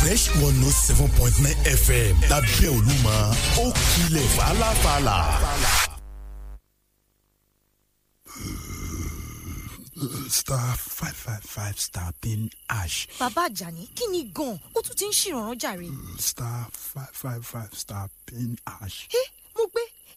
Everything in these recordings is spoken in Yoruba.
fresh one note oh seven point nine fm lábẹ́ olúmọ ó kilẹ̀ fàlàfàlà. star five five five star pin Ash. bàbá àjàní kí ni gan-an ó tún ti ń ṣèrànràn jàre. star five five five star pin Ash. ẹ mo gbé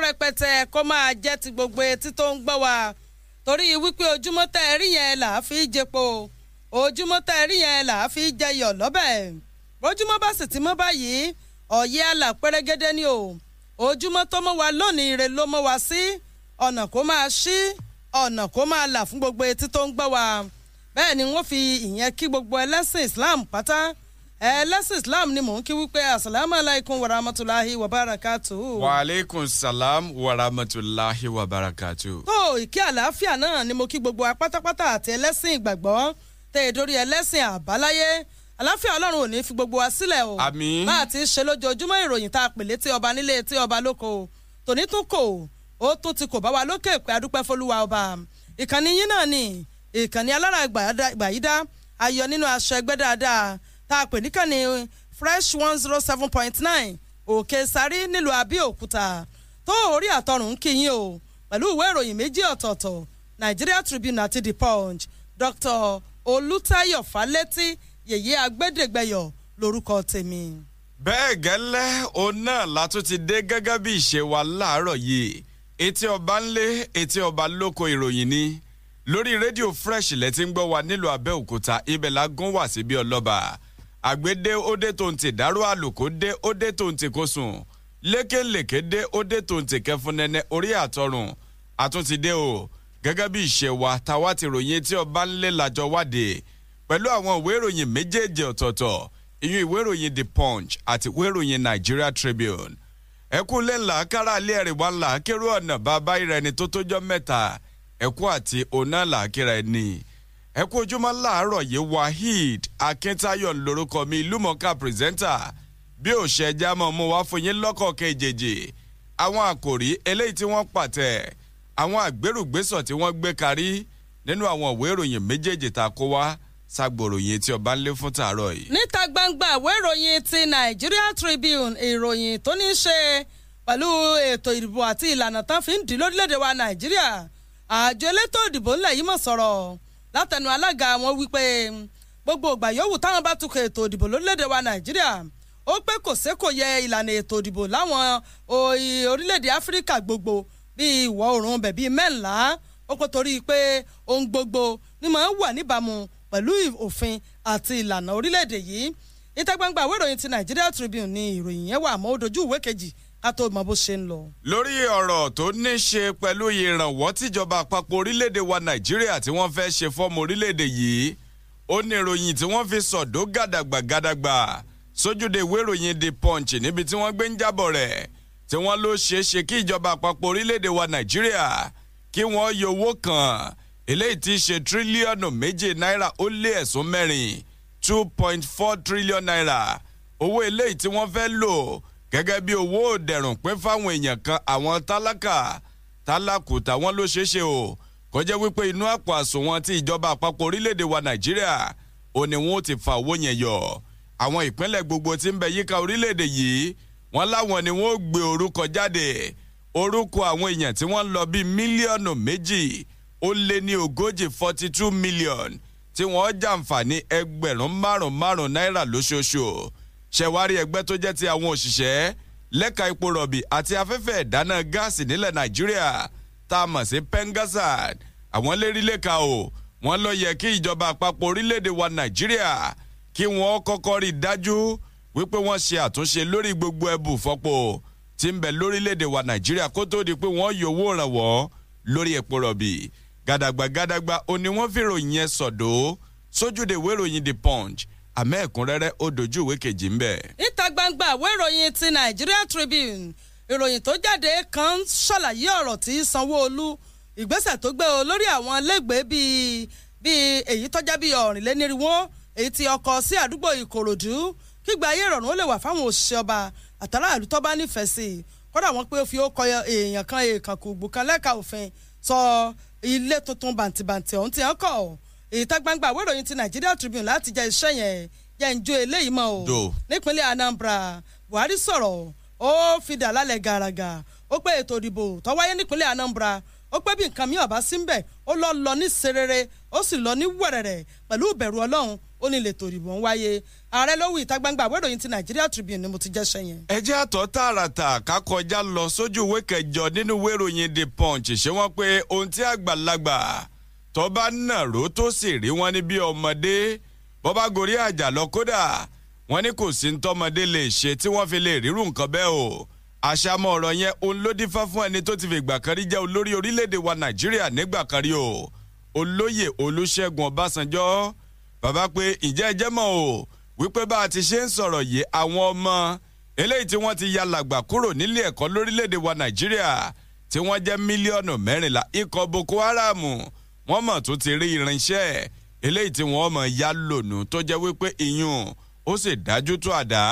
lẹ́kùnrẹ́pẹtẹ kó máa jẹ́ ti gbogbo etí tó ń gbọ́ wa torí wípé ojúmọ́ tẹ́ ẹ rí yẹn là á fi jẹpo ojúmọ́ tẹ́ ẹ yẹn là á fi jẹyọ̀ lọ́bẹ̀ ojúmọ́ bá sì ti mọ́ báyìí ọ̀yẹ́ àlà pẹ́rẹ́gẹ́dẹ́ ni o ojúmọ́ tó mọ́ wa lónìí rẹ̀ ló mọ́ wa sí ọ̀nà kó máa ṣí ọ̀nà kó máa là fún gbogbo etí tó ń gbọ́ wa bẹ́ẹ̀ ni wọ́n fi ìyẹn kí gbogbo ẹlẹ́sìn Islam pátá ẹlẹ́sìn islam ni mò ń kí wípé asalaamu alaykum wa rahmatulahi wa barakatu. wa aleykum salam wa rahmatulahi wa barakatu. tó ìkí àlàáfíà náà ni mo kí gbogbo apátápátá àti ẹlẹ́sìn ìgbàgbọ́ tẹ ìdórí ẹlẹ́sìn àbáláyé àlàáfíà ọlọ́run ò ní fi gbogbo wa sílẹ̀ o. àmì. bá a ti ṣe lójoojúmọ́ ìròyìn tá a pè létí ọba nílé etí ọba lóko tòní tún kò ó tún ti kò bá wa lókè pé adúpẹ́ fọlúwa ọba ìkànnì yín náà ni ìkànnì alára ìgbàyídá ayọ̀ nínú aṣọ ẹgbẹ́ dáadáa tá a pè níkànnì fresh one zero seven point nine òkè sáré nílùú àbíòkúta tó orí àtọrùn ń kíyìn o pẹ̀lú ìwé ìròyìn méjì ọ̀tọ̀ọ̀tọ̀ nigeria tribune àti the punch dr olùtayọ falẹ́tí yèyé agbẹ́dẹ́gbẹ́yọ lórúkọ tèmi. bẹ́ẹ̀ gẹ́lẹ́ òun náà la tún ti dé gẹ́gẹ́ bí ìṣe wa láàárọ̀ yìí etí ọba ńlé etí ọba lóko ìròyìn ni lórí rédíò fresh lẹ́tí ń gbọ́ wa nílùú abẹ́òkúta ibẹ̀ la gún wá sí bí ọlọ́ba àgbédé ó dé tòǹtì dáró àlùkò dé ó dé tòǹtì kò sùn lékèlékè dé ó dé tòǹtì kẹfun nẹnẹ orí àtọrùn àtúntì dé o gẹ́gẹ́ bí ìṣe wa táwa ti ròyìn tí ọba ńlẹ̀ làjọ wádìí pẹ̀lú àwọn ìwé ìròyìn méjèèjì ọ̀tọ̀ọ̀tọ̀ ìyún ìwé ìròyìn the punch àti ìwé ìròyìn nigeria tribune ẹkú ilé ńlá kára ilé ẹ̀rì wa ńlá kérú ọ̀nà bàbá ìrẹni tó tójọ́ mẹ́ta ẹkú àti ọ̀nà làákìrẹ́ ni ẹ kú ojúmọ́ láàárọ̀ yìí waheed akíntayọ̀ lórúkọ mi ìlúmọ̀ọ́ká pírẹsẹ́ńtà bí ò ṣe ẹja mọ̀ mo wá fún yín lọ́kọ̀ kejèjì àwọn àkòrí eléyìí tí wọ́n pàtẹ́ àwọn àgbérùgbésọ̀ tí wọ́n gbé karí nínú àwọn ìwé ìròyìn méjèèjì tá a kó wá ṣàgbòròyìn tí ọba ń lé fún tàárọ̀ yìí. níta gbangba ìwé ìròyìn ti Nigeria Tribune ìròyìn tó ní í ṣe pẹ̀lú ètò ìdìbò àti ìlànà tán fi ń dì lórílẹ̀‐èdè wa Nàìjíríà àjọ elétò ìdìbò ńlẹ̀ yìí mọ̀ sọ̀rọ̀ látẹnu alága wọn wípé hmm, gbogbo ìgbà yòówù táwọn bá tukọ̀ ètò ìdìbò lórílẹ̀‐èdè wa nàìjíríà ó pé kò sé kò yẹ ìlànà ètò ìdìbò láwọn orílẹ̀‐èdè áfíríkà gbogbo bíi ìwọ̀ oòrùn bẹ̀bí mẹ́ńlá ó kó torí pé ohun gbogbo ni màá wà níbàámu pẹ̀lú òfin àti ìlànà orílẹ̀‐èdè yìí ìta gbangba àwọn ìròyìn ti Nigeria Tribune ni ìròyìn yẹn wà mọ́ ó dojú ìwé kejì ká tó mọ bó ṣe ń lọ. lórí ọ̀rọ̀ tó ní ṣe pẹ̀lú ìrànwọ́ tíjọba àpapọ̀ orílẹ̀-èdè wa nàìjíríà tí wọ́n fẹ́ ṣe fọ́mọ orílẹ̀-èdè yìí ó ní ìròyìn tí wọ́n fi sọ̀dọ̀ gàdàgbà gàdàgbà sójúde ìwé ìròyìn the punch níbi tí wọ́n gbé ń jábọ̀ rẹ̀ tí wọ́n ló ṣeé ṣe kí ìjọba àpapọ̀ orílẹ̀-èdè wa nàìjíríà kí wọ́n yọ owó kan eléyìí ti ṣe tírílíọ̀nù méje náírà ó lé ẹ̀sùn mẹ́rin two point four trillion naira owó eléyìí tí wọ́n fẹ́ lò gẹ́gẹ́ bí owó òdẹ̀rùn pín fáwọn èèyàn kan àwọn tálákà tálákùtà wọn ló ṣeé ṣe o kó jẹ́ wípé inú àpò àsùnwọ̀n ti ìjọba àpapọ̀ orílẹ̀-èdè wa nàìjíríà ò ní wọn ó ti fa owó yẹn yọ àwọn ìpínlẹ̀ gbogbo tí ń bẹ yíká orílẹ̀-èdè yìí wọ́n láwọn ni wọ́n ó gbé orúkọ jáde orúkọ àwọn èèyàn tí wọ́n lọ bíi mílíọ̀nù méjì ó lé ní ogójì forty two million tí wọ́n jàǹfààní ẹgbẹ̀rún márùn-márùn náírà lóṣooṣù ṣẹ̀wárí ẹgbẹ́ tó jẹ́ ti àwọn òṣìṣẹ́ lẹ́ka epo rọ̀bì àti afẹ́fẹ́ ìdáná gáàsì nílẹ̀ nàìjíríà tá a mọ̀ sí pengasad àwọn lérí lẹ́ka o wọ́n lọ yẹ kí ìjọba àpapọ̀ orílẹ̀-èdè wa nàìjíríà kí wọ́n kọ́kọ́ rí i dájú wípé wọ́n ṣe àtúnṣe lórí gbogbo ẹbù fọ́pọ̀ tí ń bẹ lórílẹ̀-èdè wa nàìjíríà kó tó di pé wọ́n yọ owó lórí epo rọ̀bì gàdàgbà gàdàgbà wọ́n fìròyìn yẹn sọ̀dọ̀ sójúde ìwé the punch àmọ́ ẹ̀kúnrẹ́rẹ́ ó dojú ìwé kejì ń bẹ̀. níta gbangba àwọn ìròyìn ti Nigeria Tribune ìròyìn tó jáde kan ṣàlàyé ọ̀rọ̀ tí Sanwó-Olú ìgbésẹ̀ tó gbé o lórí àwọn lẹ́gbẹ̀ẹ́ bíi bíi èyí tọ́já bíi ọ̀rìnlénírínwó èyí tí ọkọ̀ sí àdúgbò Ìkòròdú kígba ayé ìrọ̀rùn ó lè wà fáwọn òṣìṣẹ́ ọba àtàrà ìlú tó bá nífẹ̀ẹ́ sí i kódà wọn pé ó fi ó kọ èèyàn kan èèkàn kùgbù kan lẹ́ka òfin sọ ilé tuntun bàǹtìbàǹtì ọ̀hún ti hàn kọ́ ìta gbangba àwọn ìròyìn ti Nigeria Tribune láti jẹ iṣẹ́ yẹn jẹ́ ń jó eléyìí mọ́ o nípínlẹ̀ Anambra Buhari sọ̀rọ̀ ó fi dà lálẹ́ gàràgà ó pé ètò ìdìbò tó wáyé nípínlẹ̀ Anambra ó pé bí nǹkan mi ọ̀bá sí ń bẹ̀ ó lọ lọ ní serere ó sì lọ ní wẹ̀rẹ̀rẹ̀ pẹ̀lú ìbẹ̀rù Ọlọ́run ó ní lètò ìdìbò ń wáyé ààrẹ ló wù ìta gbangba àwọn ti Nigeria Tribune ni mo ti jẹ́ sẹ́yìn. ẹ jẹ́ àtọ́ tààràtà ká kọjá lọ sójú ìwé kẹjọ nínú ìwé ìròyìn The Punch ṣé wọ́n pé ohun tí àgbàlagbà tó bá nàró tó sì rí wọn ní bí ọmọdé bó bá gorí àjà lọ kódà wọn ní kò sí ntọ́mọdé lè ṣe tí wọ́n fi lè rírun nǹkan bẹ́ẹ̀ o àṣàmọ́ ọ̀rọ̀ yẹn òun ló fún ẹni tó ti fi ìgbà kan rí jẹ́ olórí orílẹ̀ wa nàìjíríà nígbà kan rí o olóyè olúṣẹ́gun ọbásanjọ́ bàbá pé ìjẹ́ ẹjẹ́ mọ̀ o wípé bá a ti ṣe ń sọ̀rọ̀ yìí àwọn ọmọ eléyìí tí wọ́n ti ya làgbà kúrò nílé ẹ̀kọ́ lórílẹ̀ wa nàìjíríà tí wọ́n jẹ́ mílíọ̀nù mẹ́rìnlá ikọ̀ boko haram wọ́n mọ̀ tó ti rí irinṣẹ́ eléyìí tí wọ́n mọ̀ yá lònú tó jẹ́ wípé iyùn ó sì dájú tó àdá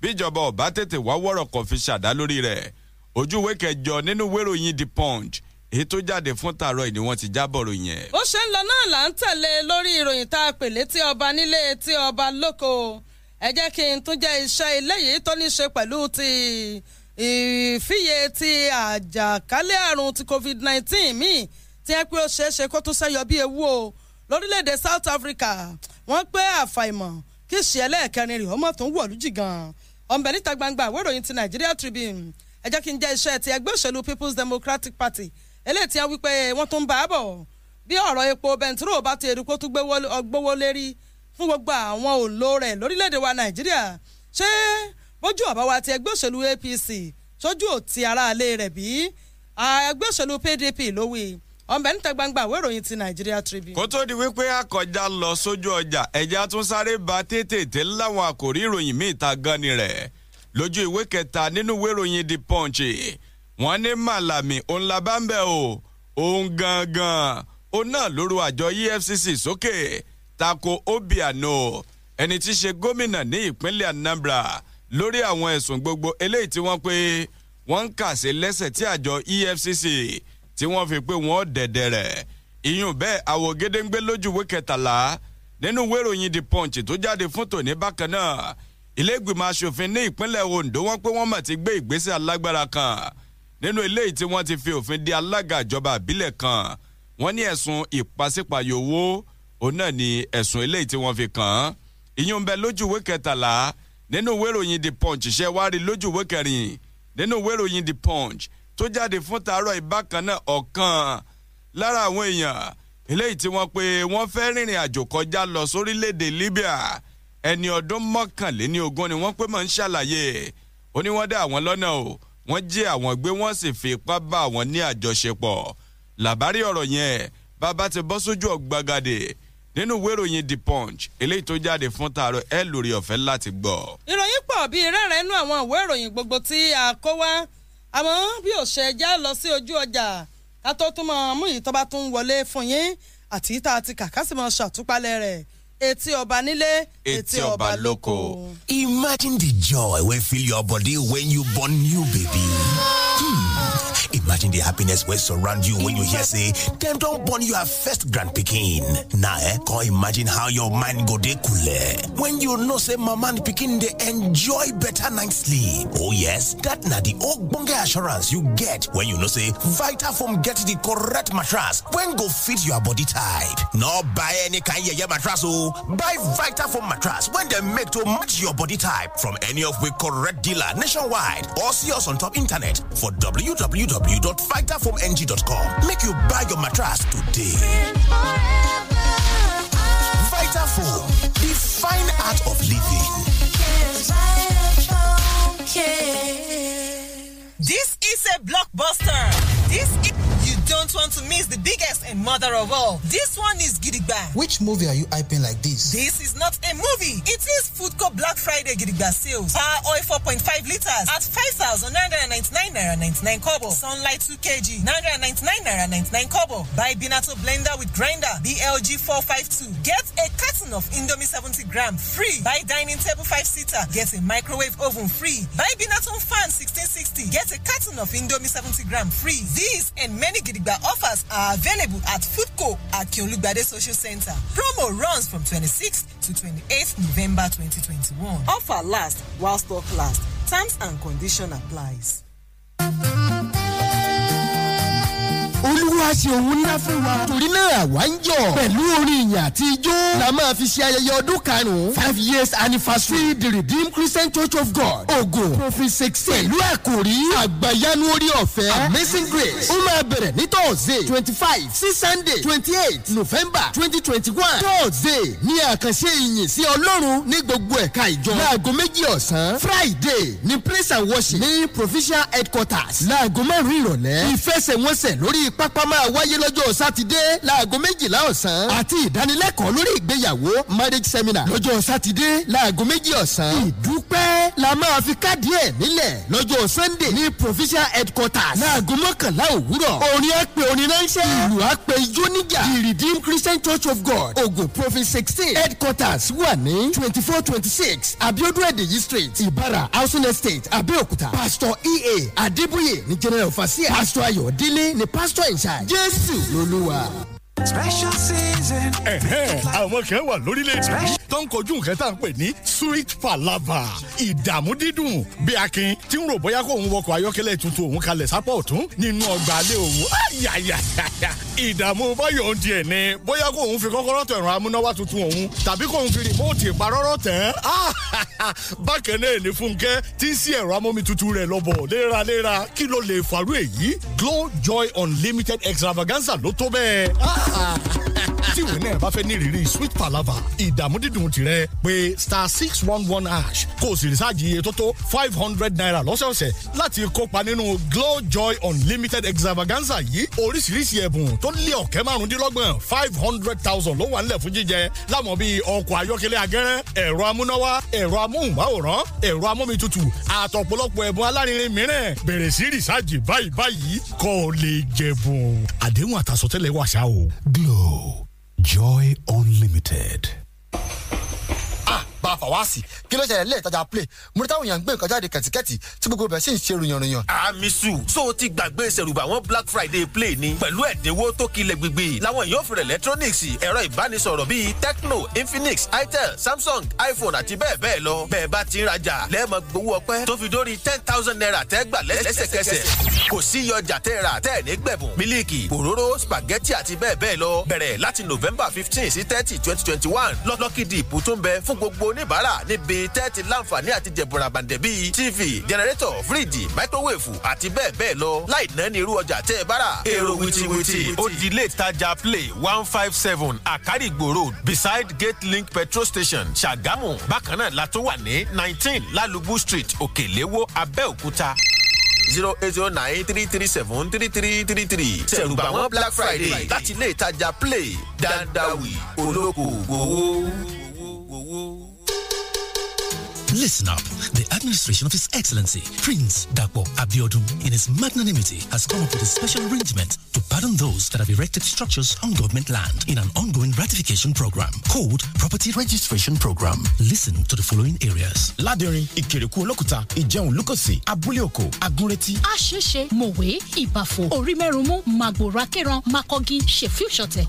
bíjọba ọba tètè wá wọ́rọ̀ kan fi ṣàdá lórí rẹ̀ ojúwe kẹjọ nínú wéròyìn the punch èyí tó jáde fún tààrọ ìní wọn ti jábọ̀ ròyìn ẹ̀. bó ṣe ń lọ náà là ń tẹ̀lé e lórí ìròyìn tá a pè létí ọba nílé etí ọba lóko ẹ jẹ́ kí n tún jẹ́ iṣẹ́ ilé yìí tó ní ṣe pẹ̀lú ti ìfiyè ti àjàkálẹ̀ àrùn ti covid-19 míì tí ẹ pé ó ṣeé ṣe kó tún ṣẹ́yọ bí ewu o lórílẹ̀‐èdè South Africa wọ́n pé àfàìmọ̀ kí ṣe ẹlẹ́ẹ̀kẹrin rẹ̀ ọmọ tó ń wọ̀ lójì gan ọ̀nbẹ níta gbangba àwọn ìròyìn ti Nigeria Tribune ẹ jẹ́ kí n jẹ́ iṣẹ́ ti ẹgbẹ́ òṣèlú People's Democratic Party eléyìí tí wọ́n wí pé wọ́n tó ń bá a bọ̀ bí ọ̀rọ̀ epo bẹntiró bá ti eruku tó gbówó lérí fún gbogbo àwọn òǹlò rẹ̀ lórílẹ̀‐èdè wa Nigeria, ṣé bójú ọ̀bá wa ti ẹgbẹ́ òṣèlú APC sójú òtí aráalé rẹ̀ bí ẹgbẹ́ òṣèlú PDP ló ọ̀nbẹ níta gbangba àwọn ìròyìn ti Nigeria Tribune. kó tó di wípé akọjá lọ sójú ọjà ẹja tún sáré ba tètè láwọn àkòrí ìròyìn míì ta gan ni rẹ̀ lójú ìwé kẹta nínú ìwé ìròyìn The Punch wọ́n ní Malami òun la bá ń bẹ̀ o òun gangan òun náà lóru àjọ EFCC sókè tako Obiano ẹni tí í ṣe gómìnà ní ìpínlẹ̀ Anambra lórí àwọn ẹ̀sùn gbogbo eléyìí tí wọ́n pé wọ́n ń kà sí lẹ́sẹ̀ tí àjọ EFCC tí wọ́n fi pé wọ́n dẹ̀dẹ̀ rẹ̀ ìyún bẹ́ẹ̀ àwọ̀ gédéǹgbé lójúwé kẹtàlá nínú ìwé the punch tó jáde fún tòní bákan náà ilé ìgbìmọ̀ asòfin ní ìpínlẹ̀ Ondo wọ́n pé wọ́n mà ti gbé ìgbésẹ̀ alágbára kan nínú eléyìí tí wọ́n ti fi òfin di alága ìjọba àbílẹ̀ kan wọ́n ní ẹ̀sùn ìpàsípàyò owó òun náà ni ẹ̀sùn eléyìí tí wọ́n fi kàn án ìyún bẹ́ẹ̀ lójúwé kẹtàlá nínú ìwé the punch ṣe wá rí lójúwé kẹrin nínú ìwé the punch tó jáde fún tàárọ̀ ìbákan náà ọ̀kan lára àwọn èèyàn eléyìí tí wọ́n pe wọ́n fẹ́ rìnrìn àjò kọjá lọ sórílẹ̀ Libya ẹni ọdún mọ́kànléní ogún ni wọ́n pé máa ń ṣàlàyé ó ní wọ́n dá àwọn lọ́nà o wọ́n jí àwọn gbé wọ́n sì fi ipá bá àwọn ní àjọṣepọ̀ làbárí ọ̀rọ̀ yẹn bàbá ti bọ́ sójú ọ̀gbagadè nínú ìwé ìròyìn the punch eléyìí tó jáde fún tààrọ̀ ẹ lórí ọ̀fẹ́ láti gbọ́. ìròyìn pọ̀ bíi rẹ́rẹ́ inú àwọn ìwé ìròyìn gbogbo tí a kó wá àmọ́ bí ò ṣe jẹ́ lọ sí ojú ọjà ká tó tún mọ̀ mú yìí tó bá tún wọlé fún yín àti tá a ti ṣàtúpalẹ̀ rẹ̀ etí ọba nílé etí ọba lóko. Imagine the joy wey fill your body when you born new baby. Hmm. imagine the happiness will surround you when you hear say dem don born your first grand picking. Now, eh come imagine how your mind go dey coole when you know say mama and picking, they enjoy better night sleep oh yes that na old ogbonge assurance you get when you know say from get the correct mattress when go fit your body type no buy any kind your mattress oh, buy from mattress when they make to match your body type from any of we correct dealer nationwide or see us on top internet for www www.vitafoamng.com. Make you buy your mattress today. Vitafoam, the fine art of living. This is a blockbuster. This is don't want to miss the biggest and mother of all. This one is Gidigba. Which movie are you hyping like this? This is not a movie. It is Foodco Black Friday Gidigba sales. Power oil 4.5 liters at 5,999 naira 99 kobo. Sunlight 2 kg 999 naira 99 kobo. Buy Binato blender with grinder BLG 452. Get a carton of Indomie 70 gram free. Buy dining table 5 seater. Get a microwave oven free. Buy Binato fan 1660. Get a carton of Indomie 70 gram free. These and many Gidigba Igba offers are available at Foodco at Kyolugbade Social Center. Promo runs from 26th to 28th November 2021. Offer lasts while stock lasts. Terms and condition applies. olúwa ṣe òun ńlá fún wa torí náà àwa ń yọ̀ pẹ̀lú orin ìyìn àti ijó la máa fi ṣe ayẹyẹ ọdún karùn-ún five years anniversary the redeemed christian church of god ogun òfin sèksè pẹ̀lú àkòrí àgbàyanu orí ọ̀fẹ́ amazing grace ó máa bẹ̀rẹ̀ ní thursday twenty five sí sunday twenty eight november twenty twenty one thursday ní àkànṣe ìyìn sí ọlọ́run ní gbogbo ẹ̀ka ìjọ láago méjì ọ̀sán friday ní praise and worship ní provincial headquarters láago márùn-ún ìrọ̀lẹ́ ìfẹsẹ̀wọnsẹ̀ lórí ìpápá máa wáyé lọ́jọ́ sátidé láago méjìlá ọ̀sán àti ìdánilẹ́kọ̀ọ́ lórí ìgbéyàwó marriage seminar lọ́jọ́ sátidé láago méjì ọ̀sán ìdú la máa fi káàdì ẹ̀ nílẹ̀ lọ́jọ́ sunday ní provincial headquarters láago mọ́kànlá òwúrọ̀ orin àpè orin ránṣẹ́ ìlú àpè ijó the redeemed christian church of god ogun province sixteen headquarters wà ní twenty four twenty six abiodun edeyi street ibara housing estate abeokuta pastor ea adibuye ní general fasia pastor ayọ̀délé ní pastor in charge jésù lolúwa. special season. ẹ̀hẹ́n àwọn kan wà lórílẹ̀‐èdè tó ń kojú nǹkan tá à ń pè ní sweet palava ìdààmú dídùn bí akin tí ń rò bóyá kó òun wọkọ̀ ayọ́kẹ́lẹ́ tuntun òun kalẹ̀ sápọ̀ ọ̀tún nínú ọgbà alẹ́ òun ìdààmú báyọ̀ ń diẹ̀ ni bóyá kó òun fi kọ́kọ́rọ́ tẹ̀rọ amúnáwá tuntun òun tàbí kó òun fi rìmóòtì ìparọ́rọ́ tẹ̀ bákan náà ní fúnkẹ́ tí ń sí ẹ̀rọ amómi tuntun rẹ̀ lọ́bọ̀ léraléra kí ló lè fàrú èyí Glow Joy Unlimited Extravaganza ló tó bẹ́ẹ̀. Ha ha ha! tí ìwé náà bá fẹ́ ní ìrírí sweet palava ìdààmú dídùn tirẹ̀ pé star six one one ash kó o sì rìsáàjì iye tó tó five hundred naira lọ́sọ̀ọ̀sẹ̀ láti kópa nínú glow joy unlimited extravaganza yìí oríṣiríṣi ẹ̀bùn tó lé ọ̀kẹ́ márùndínlọ́gbọ̀n five hundred thousand ló wà nílẹ̀ fún jíjẹ láwọn bíi ọkọ̀ ayọ́kẹ́lẹ́ agẹ́rẹ́ ẹ̀rọ amúnáwá ẹ̀rọ amóhùnmáwòrán ẹ̀rọ amómitutù àtọ̀pọ̀lọpọ̀ ẹ̀bùn alárinrin mìíràn bẹ̀rẹ̀ sí rìsáàjì báyìí báyìí kó o lè jẹ̀bùn àdéhùn àtàsọtẹ́lẹ̀ wàṣà o glow Joy Unlimited. Ah, bá a fà wá sí kí ló ṣẹlẹ̀ lẹ́ẹ̀tajà play mo ní táwọn èèyàn ń gbé nǹkan jáde kẹ̀tíkẹ̀tì tí gbogbo ibẹ̀ sì ń ṣe ròyànròyàn. àmísù ah, so o ti gbàgbé ìṣẹ̀rùbà wọn Black Friday play ni pẹ̀lú ẹ̀dínwó tó kilẹ̀ gbígbì làwọn èèyàn fún electronics ẹ̀rọ ìbánisọ̀rọ̀ bíi Tecno Infinix Itel Samsung iPhone àti bẹ́ẹ̀ bẹ́ẹ̀ lọ bẹ́ẹ̀ bá ti ń rajà lẹ́ẹ̀mọ gbowó ọpẹ́ tó fi dórí ten thousand naira tẹ́ gbà lẹ́sẹ̀kẹsẹ̀ kò sí iye ọjà tẹ́ ra tẹ́ ní gbẹ̀bùn mílíkì òróró spaghetti àti bẹ́ẹ̀ bẹ́ẹ̀ lọ bẹ̀rẹ̀ láti november fifteen sí thirty twenty twenty one lọ́kì dìpù tó ń bẹ fún gbogbo oníbàárà níbi thirty láǹfààní àti jẹ̀bùrà bàǹdẹ̀ bíi tv generator fridge microwave àti bẹ́ẹ̀ bẹ́ẹ̀ lọ láì ná ní irú ọjà tẹ́ ẹ bá rà èrò wìtìwìtì. ó di ilé ìtajà play one five seven àkárìgbò road beside gate link petrol station ṣàgámù bákan náà la wà ní nineteen lálùbù street òkèléwó abẹ́òkúta zero eight zero nine three three seven three three three three ṣẹ̀rùbà wọn black friday láti ilé ìtajà play dandawi olóko gbowó. Listen up. The administration of His Excellency, Prince Dapo Abiodun, in his magnanimity, has come up with a special arrangement to pardon those that have erected structures on government land in an ongoing ratification program called Property Registration Program. Listen to the following areas. Ládẹrin, Ìkẹrẹ̀kú Lokuta Ìjẹun Lókòsì, Abúlé Agureti Agúnrétí. Mòwe, Ìbàfò, Orímẹ́rùmú, Màgbòrá Makọ́gi, Ṣèfíù Ṣọ̀tẹ̀,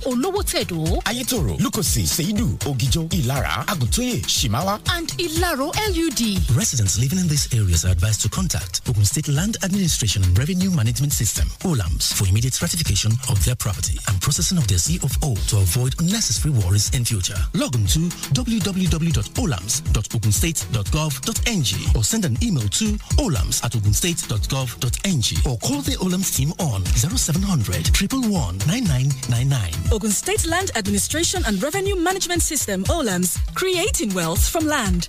Tẹ̀dó. Ayétòrò, Lókòsì, Ṣèyídù, Ògìjọ, Ìlara, Àgùntóyè, Shimawa And Ìlaro L LUD. Residents living in these areas are advised to contact Ogun State Land Administration and Revenue Management System, OLAMS, for immediate ratification of their property and processing of their CFO to avoid unnecessary worries in future. Log on to www.olams.ogunstate.gov.ng or send an email to olams at ogunstate.gov.ng or call the OLAMS team on 0700 111 9999. Ogun State Land Administration and Revenue Management System, OLAMS, creating wealth from land.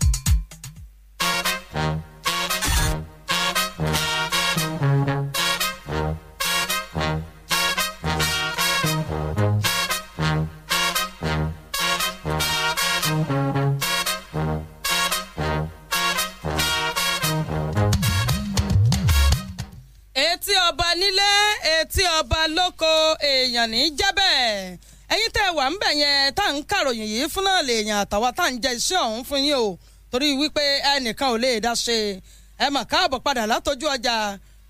èèyàn ní jẹ́bẹ̀ ẹ̀yin tẹ́ wà ń bẹ̀ yẹn tá à ń kàròyìn yìí fún náà lèèyàn àtàwọn tá à ń jẹ iṣẹ́ ọ̀hún fún yín o torí wípé ẹnìkan ò lè dá ṣe ẹ mà káàbọ̀ padà látọjú ọjà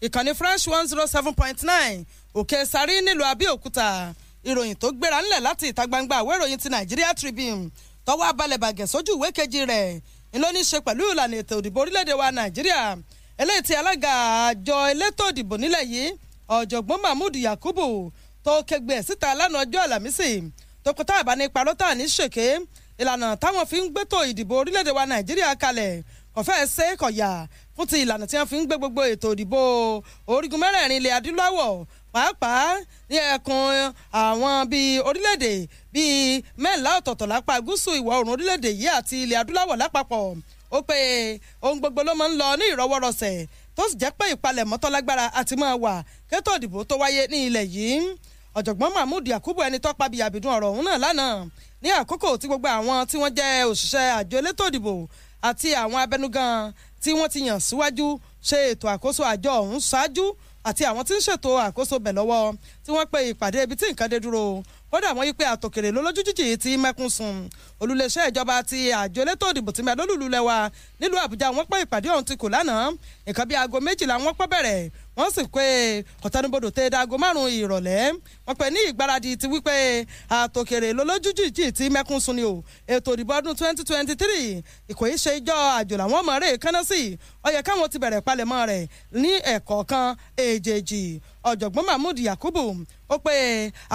ìkànnì French one zero seven point nine òkè sáré nílùú Abẹ́òkúta ìròyìn tó gbéra ńlẹ̀ láti ìta gbangba àwọn ìròyìn ti Nigeria Tribune tọwọ́ abalẹ̀bàgẹ̀ sójú ìwé kejì rẹ̀ ńlọ ní ṣe pẹ̀lú ìlànà ètò ìdìbò orílẹ̀-èdè wa Nàìjíríà eléyìí tí alága àjọ elétò ìdìbò nílẹ̀ yìí ọ̀jọ̀gbọ́n Mahmood Yakubu tó kẹgbẹ́ síta lánàá ọjọ́ Àlàmísì tòkútà àbániparọ́ tà ní ṣèké ìlànà táwọn fi ń gbétò ìdìbò orílẹ̀-èdè wa nàìjíríà kalẹ̀ kò fẹ́ ṣe é kọ̀yà fún ti ìlànà tí wọ́n fi ń gbé gbogbo ètò ìdìbò orígun mẹ́rẹ̀ẹ̀rin ilẹ̀ adúláwọ̀ pàápàá ní ẹkùn àwọn bíi orílẹ̀-èdè bíi mẹ́ńlá ọ̀tọ̀ọ̀tọ̀ lápá gúúsù ìwọ̀ oòrùn orílẹ̀-èdè yìí àti ilẹ̀ adúláwọ̀ lápapọ̀ ó pé ohun gbogbo ló máa ń lọ ní ìrọwọ́rọsẹ̀ tó sì jẹ́ pé ìpalẹ̀mọ́ tó lágbára àti máa wà kétò ìdìbò tó wáyé ní ilẹ̀ yìí ọ̀jọ̀gbọ́n mahmood yakubu ẹni tó bíi àbìdún ọ̀rọ̀ ọ̀hún náà lánàá ní àkókò tí gbogbo àwọn tí wọ́n jẹ́ òṣìṣẹ́ àjọ elétò ìdìbò àti àwọn abẹnugan tí wọ́n ti yàn síwájú ṣe ètò àkóso àjọ ọ̀hún ṣáájú àti àwọn tí ń ṣètò àkóso bẹ̀ lọ́wọ́ tí wọ́n pe ìpàdé ibi tí nǹkan dé dúró kódà wọ́n yí pé àtòkèrè lólójú jìjì ti mẹ́kún sùn olùléṣẹ́ ìjọba ti àjọ elétò ìdìbò tí mẹ́lólùlù lẹ́wà nílùú àbújá wọ́n pé ìpàdé ọ̀hún ti kò lánàá nǹkan bíi aago méjìlá wọ́n pọ́ bẹ̀rẹ̀ wọ́n sì pé ọ̀tánibodò tẹ dago márùn-ún ìrọ̀lẹ́ wọ́n pẹ̀ ní ìgbáradì ti wípé àtòkèrè lọ́lọ́jújìjì ti mẹ́kún sun ni o ètò ìdìbò ọdún twenty twenty three ìkòyí ṣe ìjọ àjò làwọn ọmọ rẹ̀ kánná sí ó yẹ káwọn ti bẹ̀rẹ̀ palẹ̀mọ́ rẹ̀ ní ẹ̀kọ̀ọ̀kan èjèèjì ọ̀jọ̀gbọ́n mahmood yakubu ó pe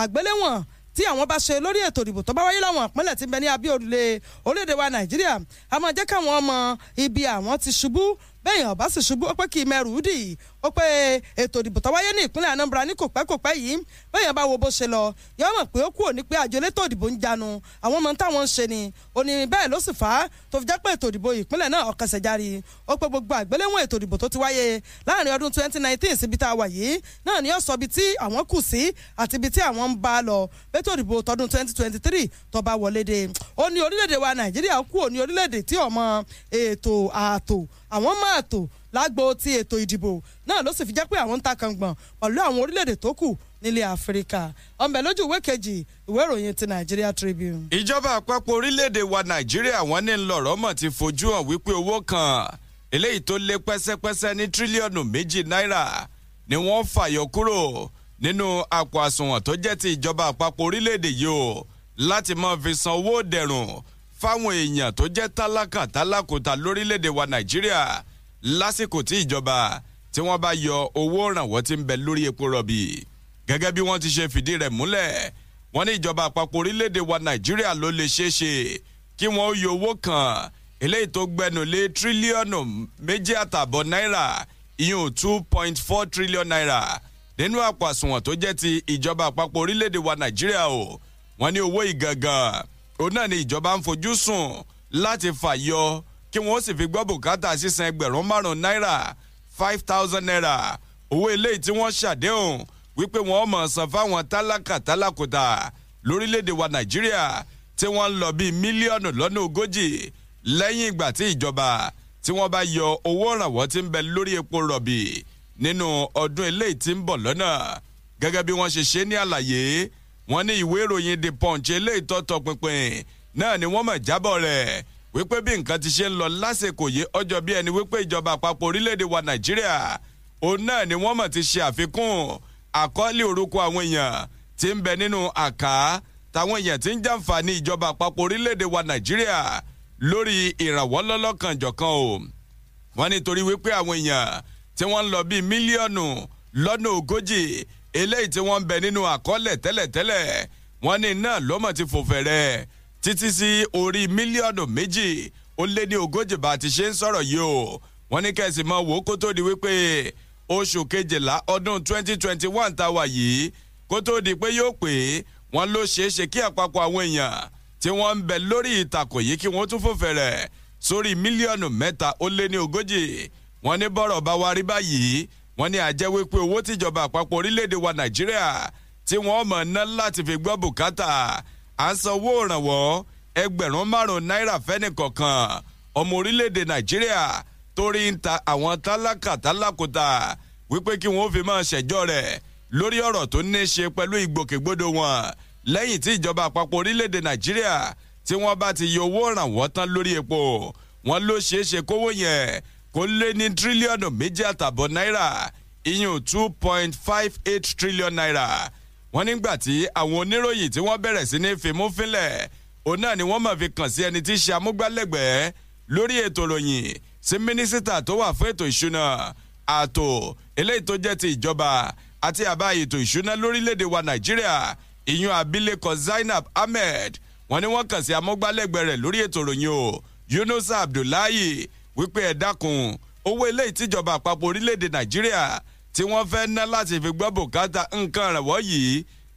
àgbéléwọ̀n tí àwọn bá ṣe lórí ètò ìdìbò tó bá wáyé láwọn ìpínlẹ̀ tí ń bẹ ní abẹ́ òrùlé orílẹ̀-èdè wa nàìjíríà a máa jẹ́ káwọn ọmọ ibi àwọn ti ṣubú bẹ́ẹ̀ yàn bá sì ṣubú ó pé kí mẹ́rù dì í ó pé ètò ìdìbò tó wáyé ní ìpínlẹ̀ Anambra ní kò pẹ́ kò pẹ́ yìí bẹ́ẹ̀ yàn bá wo bó ṣe lọ yọ mọ̀ pé ó kú òní pé àjọ elétò ìdìbò ń janu àwọn ọmọ táwọn ń ṣe ni òní bẹ́ẹ̀ ló sì fà á tó fi jẹ́ pé ètò ìdìbò ìpínlẹ̀ náà ọ̀kẹsẹ̀ járí ó pé gbogbo àgbéléwọ̀n ètò ìdìbò tó ti wáyé láàrin ọdún 2019 síbi tá a wà yìí náà ni ó sọ b ètò ìdìbò tọdún 2023 tó bá wọlé dé ó ní orílẹ̀-èdè wa nàìjíríà kú òní orílẹ̀-èdè tí ọmọ ètò ààtò àwọn máa tò lágbo ti ètò ìdìbò náà ló sì fi jẹ́ pé àwọn ń ta kàngbọ̀n pẹ̀lú àwọn orílẹ̀-èdè tó kù nílẹ̀ áfíríkà ọmọbẹ lójú ìwé kejì ìwé ìròyìn ti nigeria tribune. ìjọba àpapọ̀ orílẹ̀-èdè wa nàìjíríà wọ́n ní lọ̀rọ̀ mọ̀ ti fojú hàn wípé owó kan eléyìí tó lé pẹ́sẹ́pẹ́sẹ́ ní tírílíọ̀nù méjì náírà ni wọ́n fàyọ kúrò nínú àpò àsùnwọ̀n tó jẹ́ ti ìjọba àpapọ̀ orílẹ̀-èdè yìí o láti máa fi san owó dẹ̀rùn fáwọn èèyàn tó jẹ́ tálákà tálákòta lórílẹ̀-èdè wa nàìjíríà lásìkò tí ìjọba tí wọ́n bá yọ owó ìrànwọ́ tí ń bẹ lórí epo rọ̀bì gẹ́gẹ́ bí wọ́n ti ṣe fìdí rẹ̀ múlẹ̀ wọ́n ní ìjọba àpapọ̀ orílẹ̀-èdè wa nàìjíríà ló lè ṣeé ṣe kí wọ́n ó yọ owó kan eléyìí tó gbẹnu lé tírílíọ̀nù méjì àtààbọ̀ náírà ìyún two point four trillion naira nínú àpò àsùnwọ̀n tó jẹ́ ti ìjọba àpapọ̀ orílẹ̀-èdè wa nàìjíríà o wọ́n ní owó ìgangan òun náà ni ìjọba ń fojú sùn láti fàyọ kí wọ́n sì fi gbọ́ bùkátà sísan ẹgbẹ̀rún márùn-ún náírà five thousand naira owó eléyìí tí wọ́n ṣàdéhùn wípé wọ́n mọ̀ san fáwọn tálákà tálákùtà lórílẹ̀‐èdè wa nàìjíríà tí wọ́n ń lọ bíi mílíọ̀nù lọ́nà ogójì lẹ́yìn ìgbà tí ìjọba tí wọ́n bá yọ owó ìrànwọ́ tí ń bẹ lórí epo rọ̀bì nínú ọdún eléyìí tí ń bọ̀ lọ́nà gẹ́gẹ́ bí wọ́n ṣe ṣe ní àlàyé wọ́n ní ìwé ìròyìn the punch eléyìí tọ́tọ̀ pinpin náà ni wọ́n mọ̀ jábọ̀ rẹ̀ wípé bí nǹkan ti ṣe ń lọ lásìkò yìí ọjọ́ bí ẹni wípé ìjọba àpapọ̀ orílẹ̀-èdè wa nàìjíríà òun náà ni wọ́n mọ̀ ti ṣe àfikún àkọọ́lẹ̀ orúkọ àwọn èèyàn tí ń bẹ nínú àká táwọn èèyàn tí ń jàǹfààní ìjọba àpapọ̀ orílẹ̀-èdè wa nàìjíríà lórí ìrànwọ́ lọ́lọ́kanjọ̀kan o wọ́n nítorí wípé àwọn èèyàn tí wọ́n ń lọ bíi mílíọ̀nù lọ́nà ogójì eléyìí tí wọ́n ń bẹ nínú àkọọ́lẹ̀ tẹ́lẹ̀tẹ́lẹ̀ wọ́n ní iná ló mọ̀ ti fò fẹ̀rẹ̀ títí sí orí mílíọ̀nù méjì ó lé ní ogójì bá a ti ṣe ń sọ̀rọ̀ yìí o wọ́n ní kẹ́sì mọ́ wò ó kó tó di wípé oṣù kejìlá ọdún 2021 tá a wà yìí kó tó di pé yóò pé wọ́n ló ṣeéṣe kí àpapọ̀ àwọn èèyàn tí wọ́n ń bẹ lórí ìtàkùn yìí kí wọ́n tún fò fẹ̀rẹ̀ sórí mílíọ̀nù mẹ́ta ó lé ní ogójì wọ́n ní bọ́rọ̀ bá wa rí báyìí wọ́n ní àjẹ́ wípé owó tíjọba àpapọ̀ orílẹ̀-èdè wa nàìjíríà tí wọ́n mọ̀ ná láti fi gbọ́ bùkátà à ń san owó ìrànwọ́ ẹgbẹ̀rún márùn-ún náírà fẹ́nìkọ̀ọ̀kan ọmọ orílẹ̀-èdè nàìjíríà torí ń ta àwọn tálákà tálákùtà wípé kí wọ́n fi máa ṣẹ̀jọ́ rẹ̀ lórí ọ̀rọ̀ tó ní ṣe pẹ̀lú ìgbòkègbodò wọn lẹ́yìn tí ìjọba àpapọ̀ orílẹ̀-èdè nàìjíríà tí wọ́n bá ti yọ owó ìrànwọ́ tán lórí epo wọn ló ṣeé kówó yẹn kó lé ní tírílíọ̀nù méjì àtàbọ̀ náírà ìyún two point five eight trillion naira wọ́n nígbà tí àwọn oníròyìn tí wọ́n bẹ̀rẹ̀ sí ní fimú fínlẹ̀ òun náà ni wọ́n mọ̀ fi kàn sí ẹni tí í ṣe amúgbálẹ́gbẹ̀ẹ́ lórí ètò ìròyìn sí mínísítà tó wà fún ètò ìṣúná ààtò eléyìí tó jẹ́ ti ìjọba àti àbá ètò ìṣúná lórílẹ̀‐èdè wa nàìjíríà ìyún abilékọ zainab ahmed wọ́n ní wọ́n kàn sí amúgbálẹ́gbẹ̀ẹ́ rẹ̀ lórí ètò ìròyìn o yunusa abdullahi wípé ẹ dákun owó ilé ìtìjọba àpapọ̀ orílẹ̀-èdè nàìjíríà tí wọ́n fẹ́ ná láti fi gbọ́ bùkátà nǹkan rẹ̀wọ́ yìí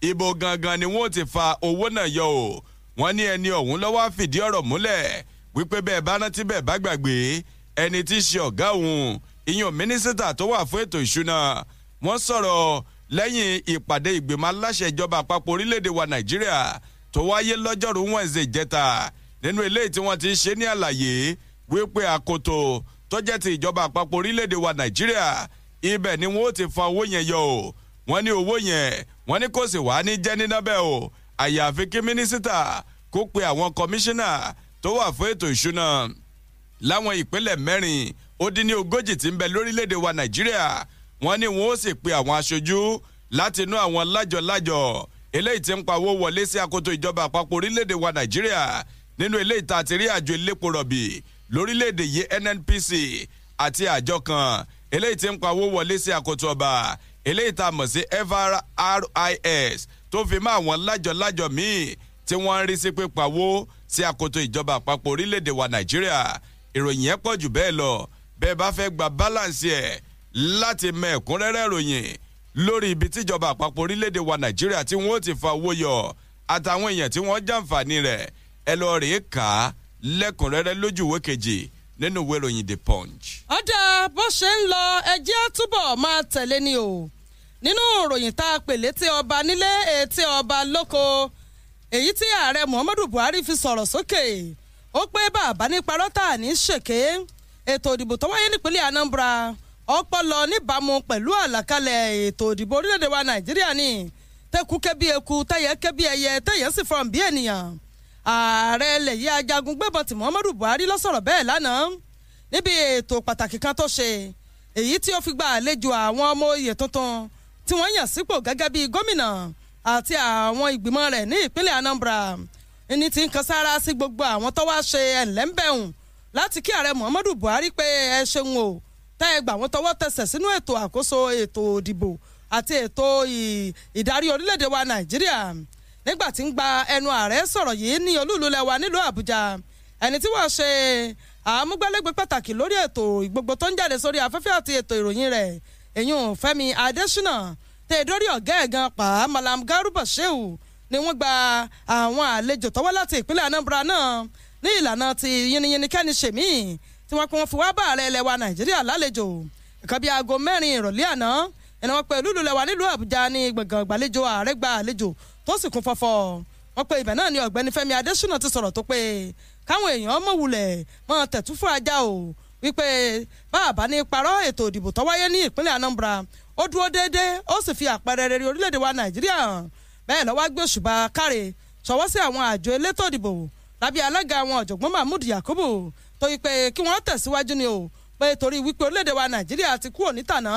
ibo gangan ni wọ́n ti fa owó náà yọ o wọ́n ní ẹni ọ̀hún ló wá fìdí ọ̀rọ̀ múlẹ̀ wípé bẹ́ẹ̀ bá rántí bẹ́ẹ̀ bá gbàgbé ẹni tí í ṣe ọ̀gá òun ìyàn mínísítà tó wà fún ètò ìṣúná wọ́n sọ̀rọ̀ lẹ́yìn ìpàdé ìgbìmọ̀ aláṣẹ ìjọba àpapọ̀ orílẹ̀-èdè wa nàìjíríà tó wáyé lọ́jọ́rùú Wednesday jẹta nínú ilé tí wọ́n ti ṣe ní àlàyé wípé àkótó tó jẹ́ ti ìjọba àpapọ̀ orílẹ̀-èdè wa nàìjíríà ibẹ̀ ni wọ́n ti fa owó yẹn yọ o wọ́n ní owó yẹn wọ́n ní kò sì wá ní jẹ́ níná bẹ́ẹ̀ o àyàfi kí mínísítà kó pe àwọn kọmíṣánná tó wà fún ètò ìṣúná láwọn ìpínlẹ̀ mẹ́rin ó dín ní ogójì tí ń bẹ lórílẹ̀‐èdè wa nàìjíríà wọ́n ní wọ́n ó sì pe àwọn aṣojú láti inú àwọn lájọ̀lájọ̀ eléyìí tí ń pa owó wọlé sí akoto ìjọba àpapọ̀ orílẹ̀‐èdè wa nàìjíríà nínú eléyìí tá a ti rí àjọ elépo rọ̀bì lórílẹ̀‐èdè yìí NNPC àti àjọ kan eléyìí tí ń pawó wọlé sí akoto ọba eléyìí tá a mọ̀ sí FRIS tó fi mọ́ àwọn lájọ-lájọ míì tí wọ́n ń rí sí pípawó sí akoto ìjọba àpapọ̀ orílẹ̀ wa Nàìjíríà ìròyìn yẹn pọ̀ jù bẹ́ẹ̀ lọ bẹ́ẹ̀ bá fẹ́ gba balance ẹ̀ láti mọ ẹ̀kúnrẹ́rẹ́ ìròyìn lórí ibi tíjọba àpapọ̀ orílẹ̀ wa Nàìjíríà tí wọ́n ti fa owó yọ àtàwọn èèyàn tí wọ́n jàǹfààní rẹ̀ ẹ lọ rèé kàá lẹ́kùnrẹ́rẹ́ lójú ìwé kejì nínú ìwé ìròyìn the punch. ọ̀dà bó ṣe ń lọ ẹjẹ́ túbọ̀ máa tẹ̀lé ni o nínú ìròyìn tá a pè létí ọba nílé etí ọba lóko èyí tí ààrẹ muhammadu buhari fi sọ̀rọ̀ sókè ó pé bàbá ní parọ́ ní ṣèké ètò ìdìbò tó wáyé nípínlẹ̀ anambra ọpọlọ níbàámu pẹ̀lú àlàkalẹ̀ ètò ìdìbò orílẹ̀-èdè wa nàìjíríà ni tẹ́kù kẹ́bí eku tẹ́yẹ kẹ́bí ẹyẹ tẹ́yẹ sì fọ̀n bí ènìyàn ààrẹ ilẹ̀ yìí ajagun gbébọn tí muhammadu buhari ló sọ̀rọ̀ bẹ́ẹ̀ lánàá níbi ètò pàtàkì kan tó ṣe èyí tí ó fi gba àlejò àwọn ọmọ oyè tuntun tí wọ́n yàn sípò gẹ́gẹ́ bíi gómìnà àti àwọn ìgbìmọ̀ rẹ̀ ní ìpínlẹ̀ anambra ẹni tí ń kan sára sí gbogbo àwọn tó wá ṣe ẹ̀lẹ́ńbẹ̀hùn láti kí ààrẹ muhammadu buhari pé ẹ ṣeun o tẹ́ ẹ gbà wọ́n tọwọ́ tẹsẹ̀ sínú ètò àkóso ètò òdìbò àti ètò ìdarí orílẹ̀-èdè wa nàìjíríà nígbà tí ń gba ẹnu ààrẹ sọ̀rọ̀ yìí ní olúùlú lẹ́wà nílùú àbújá ẹni tí wọ́n ṣe àmúgbálẹ́gbẹ́ pàtàkì lórí ètò gbogbo tó ń jáde sórí afẹ́fẹ́ àti ètò ìròyìn rẹ̀ èyún fẹ́mi adésínà tẹ ìdórí ọ̀gá ẹ̀ gan pa malam garuba shehu ni wọ́n gba àwọn àlejò tó láti ìpínlẹ̀ anambra náà ní ìlànà ti yìnyínní kẹ́ni ṣèmí tí wọ́n pe wọ́n fi wá bá ààrẹ ilẹ̀ nàìjíríà lálejò nǹkan bíi aago mẹ́rin ìrọ̀lẹ́ àná ìnáwó pẹ̀lú ìlú lẹ́wà nílùú àbújá ní gbọ̀ngàn ìgbàlejò ààrẹ gba àlejò tó sì kún fọ́fọ́ wọ́n pe ibẹ̀ náà ni ọ̀gbẹ́ni Fẹ́mi Adésínà ti sọ̀rọ̀ tó pé káwọn èèyàn mọ̀ wulẹ̀ mọ̀ tẹ̀tú fún ajá o wípé báàbá ní parọ́ ètò ìdìbò tó wáyé ní ìpínlẹ̀ Anambra ó dúró déédéé ó sì fi àpẹẹrẹ rere orílẹ̀-èdè wa Nàìjíríà bẹ́ẹ̀ lọ́wọ́ gbé òṣùbà káre ṣọwọ́ sí àwọn àjọ elétò ìdìbò lábẹ́ alága àwọn ọ̀jọ̀gbọ́n Mahmood Yakubu tó yí pé kí wọ́n tẹ̀síwájú ni o pé torí wípé orílẹ̀-èdè wa Nàìjíríà ti kúrò nítànà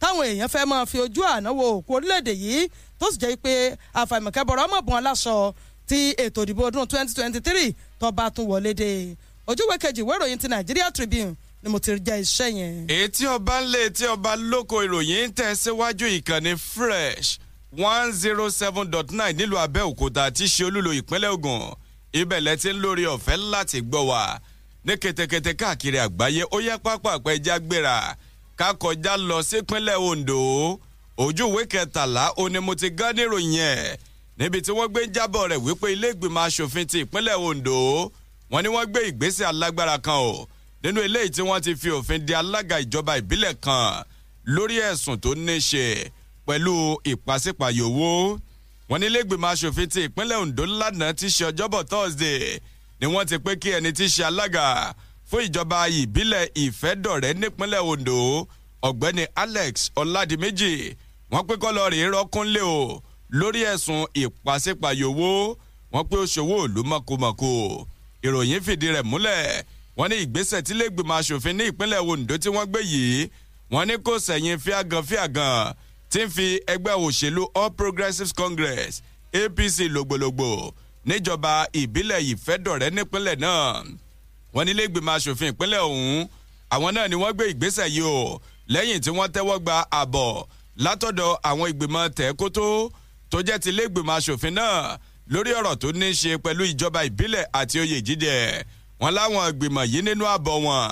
táwọn èèyàn fẹ́ máa fi ojú àná wo òkú orílẹ̀-èdè yìí tó sì jẹ́ pé àfàìmọ̀kẹ́bọ̀rọ̀ ọmọbùn aláṣọ ti ètò ìdìbò ọdún 2023 tó bá tún wọlé dé ojúwe kejì ìwé ìròyìn ti Nigeria Tribune ni mo ti jẹ iṣẹ́ yẹn. etí ọba ńlẹ̀ etí ọba lóko ìròyìn ń tẹ̀síwájú ìkànnì fresh one zero oh seven dot nine nílùú Abẹ́òkúta tí í ṣe olúlo ìpínlẹ̀ Ògùn ibẹ̀ lẹ ti ń lórí ọ̀fẹ́ láti gbọ́ wa ní kẹ̀tẹ̀kẹ̀tẹ̀ káàkiri àgbáyé ó yẹ pápá àpẹjá gbéra lọ sípínlẹ̀ Ondo ojú ìwé kẹtàlá ó ní mo ti gán níròyìn ẹ̀ níbi tí wọ́n gbé ń jábọ̀ rẹ̀ wípé ilé ìgbìmọ̀ asòfin ti ìpínlẹ̀ Ondo wọ́n ní wọ́n gbé ìgbésẹ̀ alágbára kan o nínú eléyìí tí wọ́n ti fi òfin de alága ìjọba ìbílẹ̀ kan lórí ẹ̀sùn tó ní ṣe pẹ̀lú ìpàsípàyò owó wọ́n ní ilé ìgbìmọ̀ asòfin ti ìpínlẹ̀ Ondo lánàá ti ṣe ọjọ́bọ̀ Thursday ni wọ́n ti pé kí ẹni tí ṣe alága fún ìjọba ìbílẹ̀ Ìfẹ́dọ̀rẹ́ nípínlẹ̀ Ondo ọ̀gbẹ́ni Alex Ọládìméjì wọ́n pé kọ́ lọ rèé rọ́kúnlé o lórí ẹ̀sùn ìpàṣípàyò owó wọ́n pé ó ṣòwò ìlú mọ̀kòmọ̀kò ìròyìn fìdí rẹ̀ múlẹ̀ wọ́n ní ìgbésẹ̀ tí lẹ́gbìmọ̀ asòfin ní ìpínlẹ̀ Ondo tí wọ́n gbé yìí wọ́n ní kò sẹ̀yìn fíàgàn fíàgàn tí ń fi ẹgbẹ́ òṣèlú All Progressives Congress APC lògbòlògbò níjọba ìbílẹ̀ ìfẹ́dọ̀rẹ́ nípínlẹ̀ náà wọ́n ní lẹ́gbìmọ̀ asòfin ìpínlẹ̀ ọ̀hún àwọn náà ni wọ́n gbé ìgbésẹ̀ yìí o lẹ́yìn tí wọ́n tẹ́wọ́ gba àbọ̀ látọ̀dọ̀ àwọn ìgbìmọ̀ tẹ̀kótó tó jẹ́ ti lẹ́gbìmọ̀ asòfin náà lórí ọ̀rọ̀ tó ní í ṣe pẹ̀lú ìjọba ìbílẹ̀ àti oyè jíjẹ wọn láwọn ìgbìmọ̀ yìí nínú àbọ̀ wọn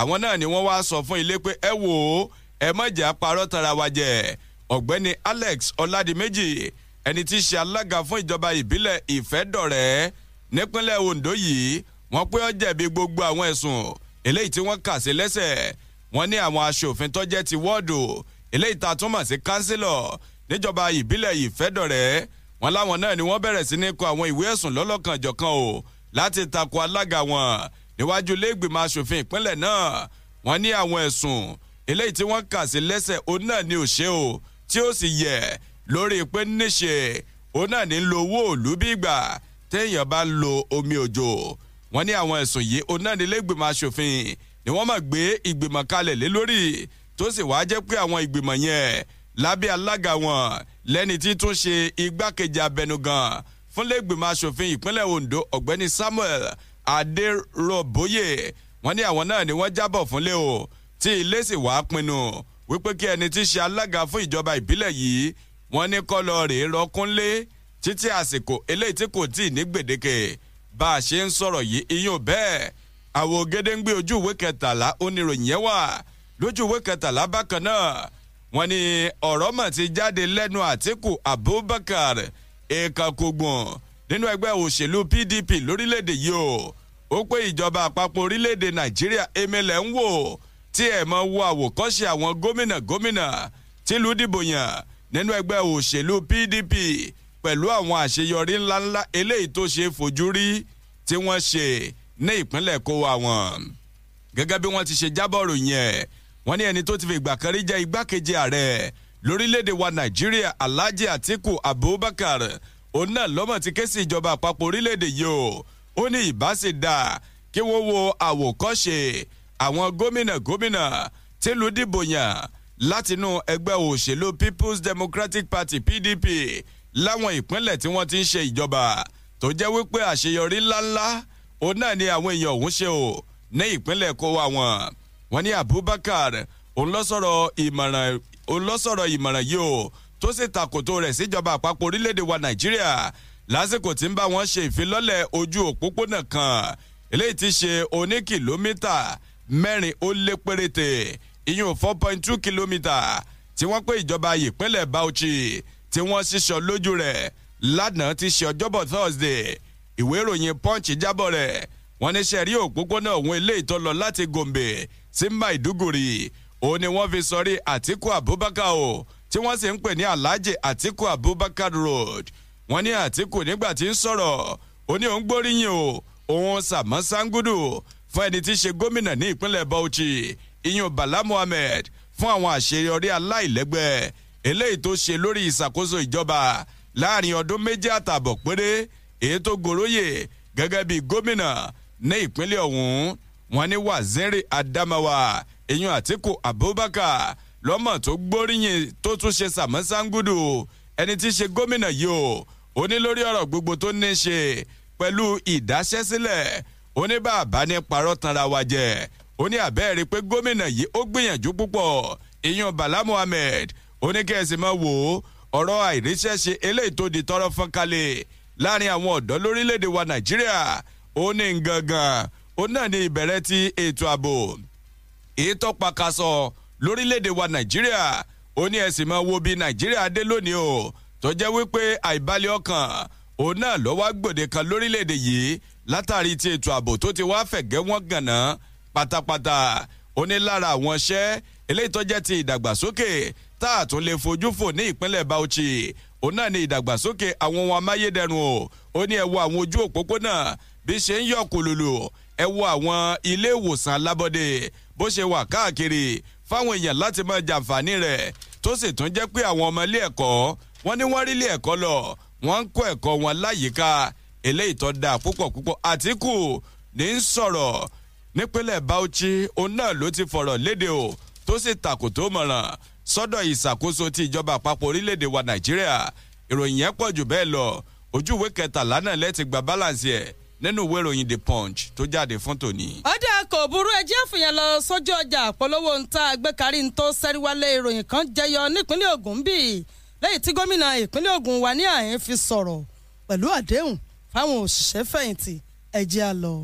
àwọn náà ni wọ́n wá sọ fún ilé pé ẹ wò ó ẹ mọ̀jà parọ́ tara wa jẹ ọ̀gbẹ́ni Alex Ọládìméjì ẹni tí í ṣe alága fún ìjọba ìbílẹ̀ Ìfẹ́dọ̀rẹ́ nípínlẹ̀ Ondo yìí wọ́n pé ó jẹ̀bi gbogbo àwọn ẹ̀sùn eléyìí tí wọ́n kà sí lẹ́sẹ̀ wọ́n ní àwọn aṣòfin tó ti wọ́ọ̀dù eléyìí tá a tún mọ̀ sí kánsílọ̀ níjọba ìbílẹ̀ ìfẹ́dọ̀rẹ́ wọn láwọn náà ni wọ́n bẹ̀rẹ̀ sí ní kọ àwọn ìwé ẹ̀sùn lọ́lọ́kanjọ̀kan o láti tako alága wọn níwájú iléègbìmọ̀ asòfin ìpínlẹ̀ náà wọ́n ní àwọn ẹ̀sùn eléyìí tí wọ́n kà sí lẹ́sẹ̀ òun náà ni òṣè o tí ó sì yẹ lórí pé níṣe òun náà ní lo owó òlú bí ìgbà téèyàn bá ń lo omi òjò wọ́n ní àwọn ẹ̀sùn yìí òun náà ní iléègbìmọ̀ asòfin ni wọ́n máa gbé ìgbìmọ̀ kalẹ̀ lé lórí tó sì wáá jẹ́ pé àwọn ìgbìmọ̀ yẹn lábẹ́ alága wọn lẹ́ni tí tún ṣe igbákejì abẹnugan fúnlẹ́gbìmọ̀ asòfin ìpínlẹ̀ Ondo ọ̀gbẹ́ni Samuel Adéròbóyè wọ́n ní àwọn náà ni wọ́n jábọ̀ fúnlẹ̀ o tí ilé sì wáá pinnu wípé kí ẹni tí ṣe alága fún ìjọba ìbílẹ̀ yìí wọ́n ní kó lọ rèé rọkúnlé títí àsìkò eléyìí tí kò tí ì ní gbèdéke bá a ṣe ń sọ̀rọ̀ yìí iyún bẹ́ẹ̀ àwògedengbe ojú ìwé kẹtàlá oníròyìn yẹn wà lójú ìwé kẹtàlá bákan náà wọ́n ní ọ̀rọ̀ mọ̀ ti jáde lẹ́nu àtìkù abubakar ìkàkùgbọ̀n nínú ẹgbẹ́ òṣèlú pdp lórílẹ̀‐èdè yìí o ó pé ìjọba àpapọ̀ orílẹ̀‐èdè nàìjíríà emele ń wò tí ẹ̀ mọ́ wo àwòkọ́ṣe àwọn gómìnà gómìnà tìlú dìbò yàn nínú ẹgbẹ́ òṣèlú pdp pẹ̀lú àwọn àṣeyọrí ńláńlá eléyìí tó ṣe fojú rí tí wọ́n ṣe ní ìpínlẹ̀ kó wa wọn gẹ́gẹ́ bí wọ́n ti ṣe jábọ̀rò yẹn wọ́n ní ẹni tó ti fi ìgbà kan rí jẹ́ igbákejì ààrẹ lórílẹ̀ wa nàìjíríà alhaji atiku abubakar òun náà lọ́mọ̀ ti ké sí ìjọba àpapọ̀ orílẹ̀‐èdè yìí o ó ní ìbáṣedà kí wọ́n wo àwòkọ́ṣe àwọn gómìnà gómìnà tìlú dìbò yàn látinú ẹgbẹ́ òṣèlú people's democratic party pdp láwọn ìpínlẹ̀ tí wọ́n ti ń ṣe ìjọba tó jẹ́ wípé àṣeyọrí ńláńlá òun náà ni àwọn èèyàn òun ṣe o ní ìpínlẹ̀ kó wa wọn wọ́n ní Abubakar òun ló sọ̀rọ̀ ìmọ̀ràn òun ló sọ̀rọ̀ ìmọ̀ràn yìí o tó sì takòtò rẹ̀ síjọba àpapọ̀ orílẹ̀-èdè wa Nàìjíríà lásìkò tí ń bá wọn ṣe ìfilọ́lẹ̀ ojú òpópónà kan eléyìí ti ṣe oní kìlómítà mẹ́rin ó lé péréte ìyún four point two kìlómítà tí wọ́n pé ìjọba ìpínlẹ̀ Bauchi tí wọ́n ṣíṣọ lójú rẹ̀ lánàá ti ṣe ọjọ́bọ̀ Thursday ìwé ìròyìn Punch jábọ̀ rẹ̀ wọ́n ní sẹ́rí òpópónà òun eléyìí tó lọ láti Gombe sí Maiduguri òun ni wọ́n fi sọrí Àtíkù Abubakar o tí wọ́n sì ń pè ní Alhaji Àtíkù Abubakar Road wọ́n ní Àtíkù nígbà tí ń sọ̀rọ̀ ó ní òun gbóríyìn o òun Sàmọ́ Sangudu fún ẹni tí í ṣe gómìnà ní ìpínlẹ̀ Bauchi iyun Bala Muhammed fún àwọn àṣeyọrí aláìlẹ́gbẹ́ eléyìí tó ṣe lórí ìṣàkóso ìjọba láàrin ọdún méjì àtààbọ̀ péré èyí tó gòròyè gẹ́gẹ́ bí gómìnà ní ìpínlẹ̀ ọ̀hún wọ́n ní waziri adamawa eyín àtìkù abubakar lọ́mọ̀ tó gbóríyìn tó tún ṣe sàmọ́sángúdù ẹni tí í ṣe gómìnà yìí o ó ní lórí ọ̀rọ̀ gbogbo tó ní í ṣe pẹ̀lú ìdáṣẹ́sílẹ̀ ó ní bàbá ní parọ́ tanra wa jẹ ó ní àbẹ́ẹ̀rí pé gómìnà yìí ó gbìyànjú púpọ̀ ìyún bala muhammed ó ní kẹ́sì máa wò ó ọ̀rọ̀ àìríṣẹ́ṣe eléyìí tó di tọrọ fọ́nkálẹ̀ láàrin àwọn ọ̀dọ́ lórílẹ̀‐èdè wa nàìjíríà ó ní gangan ó náà ní ìbẹ̀rẹ̀ ti ètò ààbò èyí lórílẹ̀‐èdè wa nàìjíríà ó ní ẹ̀sìn máa wo bí nàìjíríà dé lónìí o tó jẹ́ wípé àìbalẹ̀ ọkàn òun náà ló wá gbòde kan lórílẹ̀‐èdè yìí látàrí ti ètò ààbò tó ti wá fẹ̀gẹ́ wọ́n gànà pátápátá ó ní lára àwọn iṣẹ́ eléyìí ti ìdàgbàsókè tá lè fojú fò ní ìpínlẹ̀ Bauchi òun náà ni ìdàgbàsókè àwọn ohun amáyédẹrùn o ó ní ẹ wo àwọn ojú òpópónà bí ṣe ń yọ kòlòlò ẹ wo àwọn ilé ìwòsàn alábọ́dé bó ṣe wà káàkiri fáwọn èèyàn láti máa jàǹfààní rẹ̀ tó sì tún jẹ́ pé àwọn ọmọ ilé ẹ̀kọ́ wọ́n ní wọ́n rí ilé ẹ̀kọ́ lọ wọ́n ń kọ́ ẹ̀kọ́ wọn láyìíká eléyìí tó dáa púpọ̀ púpọ̀ Àtíkù ní ń sọ̀rọ̀ nípínlẹ̀ Bauchi òun náà ló ti fọ̀rọ̀ léde o tó sì takò tó mọ̀ràn sọ́dọ̀ ìṣàkóso ti ìjọba àpapọ̀ orílẹ̀-èdè wa Nàìjíríà ìròyìn yẹn pọ̀ jù bẹ́ẹ̀ lọ ojú ìwé kẹtàlá náà lẹ́ẹ̀tì gba balance yẹn nínú ìwé ìròyìn the punch tó jáde fún tòní. ọjà kò burú ẹjẹ́ fìyàn lọ sójú ọjà polówó ń ta àgbékarí ń tó sẹ́ríwálé ìròyìn kan jẹyọ nípínlẹ̀ Ògùn bíi lẹ́yìn tí gómìnà ìpínlẹ̀ Ògùn wà ní àyè fi sọ̀rọ̀ pẹ̀lú àdéhùn fáwọn òṣìṣẹ́ fẹ̀yìntì ẹ̀jẹ̀ àlọ́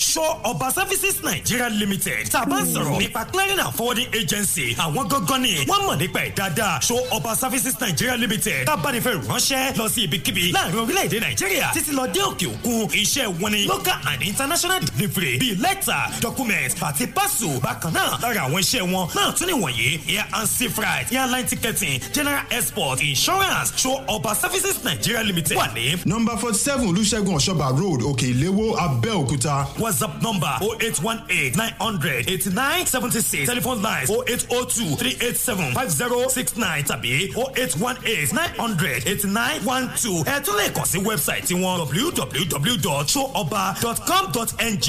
show ọba services nigeria limited tá a bá ń sọ̀rọ̀ nípa clearing and forwarding agency àwọn gangan ni wọ́n mọ̀ nípa ẹ̀ dáadáa show ọba services nigeria limited tá a bá ní fẹ́ ránṣẹ́ lọ sí ibikíbi láàrin orílẹ̀-èdè nàìjíríà títí lọ dé òkè òkun iṣẹ́ wọn ni local and international delivery bíi lẹ́tà document àti parcel bákan náà lára àwọn iṣẹ́ wọn náà tún níwọ̀nyí air and sea freight airline ticketing general export insurance show ọba services nigeria limited wà ní. number forty seven olùṣègùn ọ̀ṣọ́bà road òkè ìléwó abẹ́òkúta. wọ́n WhatsApp number 0818 900 8976. Telephone lines 0802 387 5069 tàbí 0818 900 8912. Head to lè Website sí Follow www.showoba.com.ng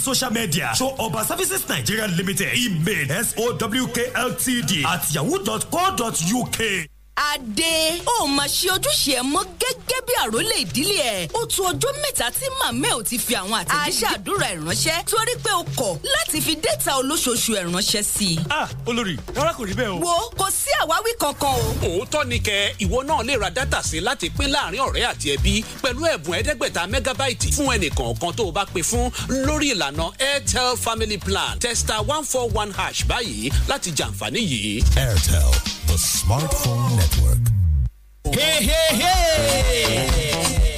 social media Showoba Services Nigeria Limited email sowkltd at yahoo.co.uk. adé ó máa ṣe ojúṣe ẹ mọ́ gẹ́gẹ́ bí àrólé ìdílé ẹ ó tu ọjọ́ mẹ́ta tí màmá ẹ ò ti fi àwọn àtẹ̀jíṣẹ́ àdúrà ẹ ránṣẹ́ torí pé o kọ̀ láti fi déètà olóṣooṣù ẹ ránṣẹ́ sí i. ah olórí rárá kò rí bẹ́ẹ̀ o. wo kò sí àwáwí kankan o. òótọ́ ni kẹ ìwọ náà lè ra dátà sí láti pín láàrin ọ̀rẹ́ àti ẹbí pẹ̀lú ẹ̀bùn ẹ̀ẹ́dẹ́gbẹ̀ta mẹ́gábáìtì fún ẹnìkọ̀ọ̀kan tó o bá pín fún lórí ìlànà airtel family plan testa one four one hash báyìí láti jàǹfààní yìí. airtel the Smartphone Network. Hey, hey, hey!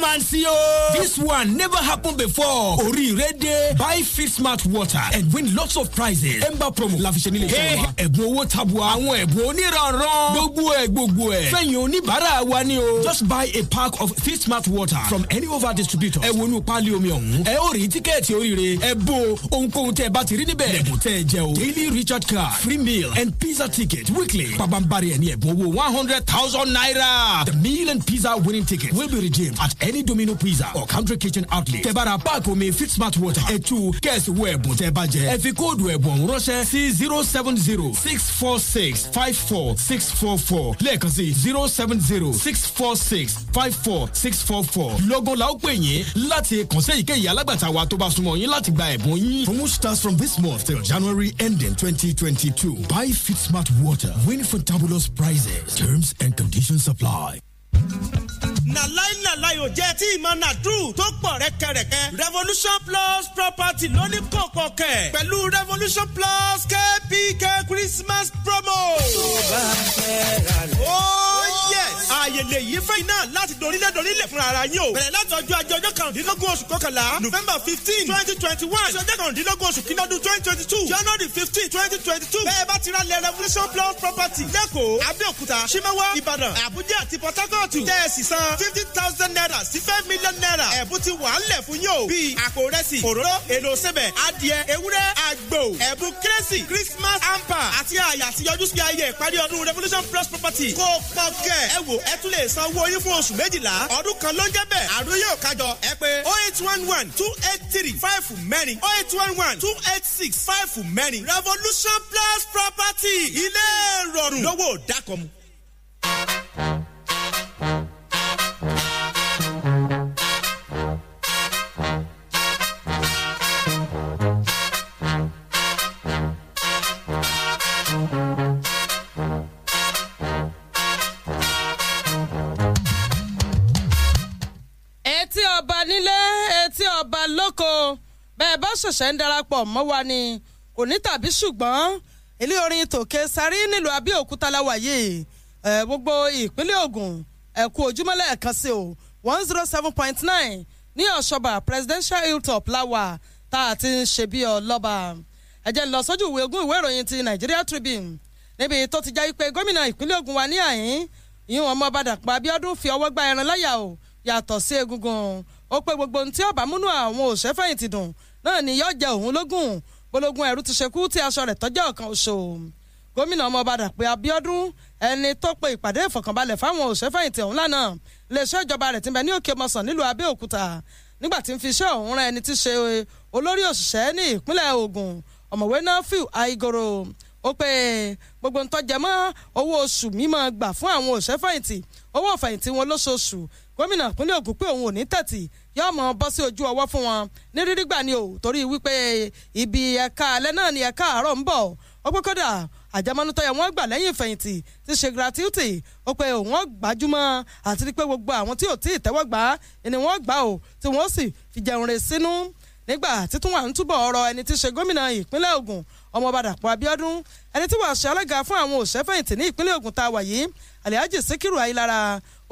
performance yo. This one never happened before. Ori dé buy fit smart water and win lots of prizes. Ember promo la fi ṣe nílé iṣẹ́ wa. Ẹ̀bùn ron. tabua àwọn ẹ̀bùn oníranran. Gbogbo ẹ̀ gbogbo ẹ̀. Fẹ̀yìn oníbàárà wa ni o. Just buy a pack of fit smart water from any of our distributors. Ẹ wo inú páálí omi ọ̀hún. Ẹ ó rí tíkẹ́ẹ̀tì oríire. Ẹ bó ohunkóhun tẹ́ ti rí níbẹ̀. Lẹ̀bùn tẹ́ ẹ o. Daily Richard card, free meal and pizza ticket weekly. Pabambari ẹ̀ ní ẹ̀bùn one hundred thousand naira. The meal and pizza winning ticket will be redeemed at any domino pizza or country kitchen outlet Tebara bá me fit smart water ẹ̀ tú kẹ́ẹ̀sì wo ẹ̀bùn tẹ́ bá jẹ ẹ fi kóòdù ẹ̀bùn ọ̀hún four lẹ́ẹ̀kan sí zero seven zero six four six five four six la ó pè láti kànṣẹ́ ìkéyìí alágbàtà wa yín láti gba promo starts from this month till January ending twenty twenty two buy fit smart water win fantabulous prizes terms and conditions apply. nàláìnàláì ò jẹ́ tí ìmọ̀ nàdúrù tó pọ̀ rẹ́kẹrẹ́kẹ́ revolution plus property ló ní kọ̀kọ̀ kẹ̀ pẹ̀lú revolution plus kpk christmas promo. tó bá fẹ́ ra lẹ̀. ó oh, yẹ ààyè lè yí fẹ́yìn náà láti dorílẹ̀ dorílẹ̀ fúnra ara yín o. bẹ̀rẹ̀ láti ọjọ́ ajé ọjọ́ kàrúndínlógún oṣù kọkànlá november fifteen twenty twenty one ṣọjọ́ kàrúndínlógún oṣù kìíní ọdún twenty twenty two january fifteen twenty twenty two bẹ́ẹ̀ bá ti ra lẹ revolution plus property lẹ́kọ̀ọ́ abẹ́òkúta simawa ìbàdàn àbújá àti port harcourt tẹ́ ẹ sì san fifty thousand naira sí five million naira ẹ̀bùn ti wà á lẹ̀ fún yín o bíi àpò rẹsì òróró èlò sẹ́bẹ̀ adìẹ ewúrẹ́ àgbò ẹ̀bùn kérésì christmas hamper àti àyà àtijọ́jú sí ayé ìparí ọdún revolution plus property kó pọ̀ kẹ́ ẹ wò ẹ tún lè san owó yín fún oṣù méjìlá ọdún kan ló ń jẹ́ bẹ́ẹ̀ àrùn yóò kájọ ẹ pé oh eight one one two eight three five mẹ́rin oh eight one one two eight six five mẹ́rin revolution plus property ilé ìrọ̀rùn lówó dákọ̀mu. ṣẹ̀ṣẹ̀ ń darapọ̀ mọ́ wa ni kò ní tàbí ṣùgbọ́n ilé orin tòkè sarí nílùú Abẹ́òkúta láwà gbogbo ìpínlẹ̀ Ògùn ẹ̀kú ojúmọ́lẹ̀ ẹ̀kan sí o one zero seven point nine ní Ọ̀ṣọ́bà presidential hilltop láwà tá a ti ń ṣe bí ọlọ́ba ẹ̀jẹ̀ lọ sójú ìwé ogún ìwé ìròyìn ti Nigeria Tribune níbi tó ti jáwé pé gómìnà ìpínlẹ̀ Ògùn wa ní àyín ìyún ọmọ Badàpọ̀ Abíọ́dún fi ọwọ́ gba ẹran láyà o yàtọ̀ sí egungun ó pé gbogbo ohun tí ọ̀bà àwọn òṣèfẹ̀yìntì dùn náà ni yóò jẹ òun lógún gbólógún ẹrú ti ṣekú tí aṣọ rẹ̀ tọjọ ọ̀kan oṣù gómìnà ọmọọba Dàpọ̀ Abíọ́dún ẹni tó pe ìpàdé ìfọ̀kànbalẹ̀ fáwọn òṣèfẹ̀yìntì ọ̀hún lánàá iléeṣẹ́ ìjọba rẹ̀ ti bẹ ní Òkè Mọ̀sán nílùú Abẹ́òkúta nígbà tí ń fi iṣẹ́ ọ̀hún rán ẹni tí ṣe olórí òṣìṣẹ́ ní ìpínlẹ̀ Ògùn ọ̀mọ̀wé Nafiu Aigoro ó pé gbogbo ntọ́jẹ mọ́ owó oṣù mímọ́ gbà fún àwọn òṣèfẹ̀yìntì owó ọ̀fẹ̀yìntì wọn lóṣooṣù gómìnà ìpínlẹ̀ Ògùn pé òun ò ní tẹ̀tì yóò mọ bọ́ sí ojú ọwọ́ fún wọn ní rírí gbà ni o torí wípé ibi ẹ̀ka alẹ́ náà ni ẹ̀ka àárọ̀ ń bọ̀ ó pé kódà àjẹmọ́nútọ́yẹ wọ́n gbà lẹ́yìn ìfẹ̀yìntì ti ṣe gratuity ó pé wọ́n gbajúmọ̀ àti pé gbogbo àwọn tí ò tí ì tẹ́wọ́ gbà ni wọ́n gbà o tí wọ́n sì fi jẹun rè sínú nígbà títún wà ń túbọ̀ ọ̀rọ̀ ẹni tí ṣe gómìnà ìpínlẹ̀ Ògùn ọmọọba Dàpọ̀ Abíọ́dún ẹni tí wàá ṣe alága fún àwọn òṣèfẹ̀yìntì ní ìpínlẹ̀ Ògùn tá a wà yìí Alhaji Sikiru Ayilara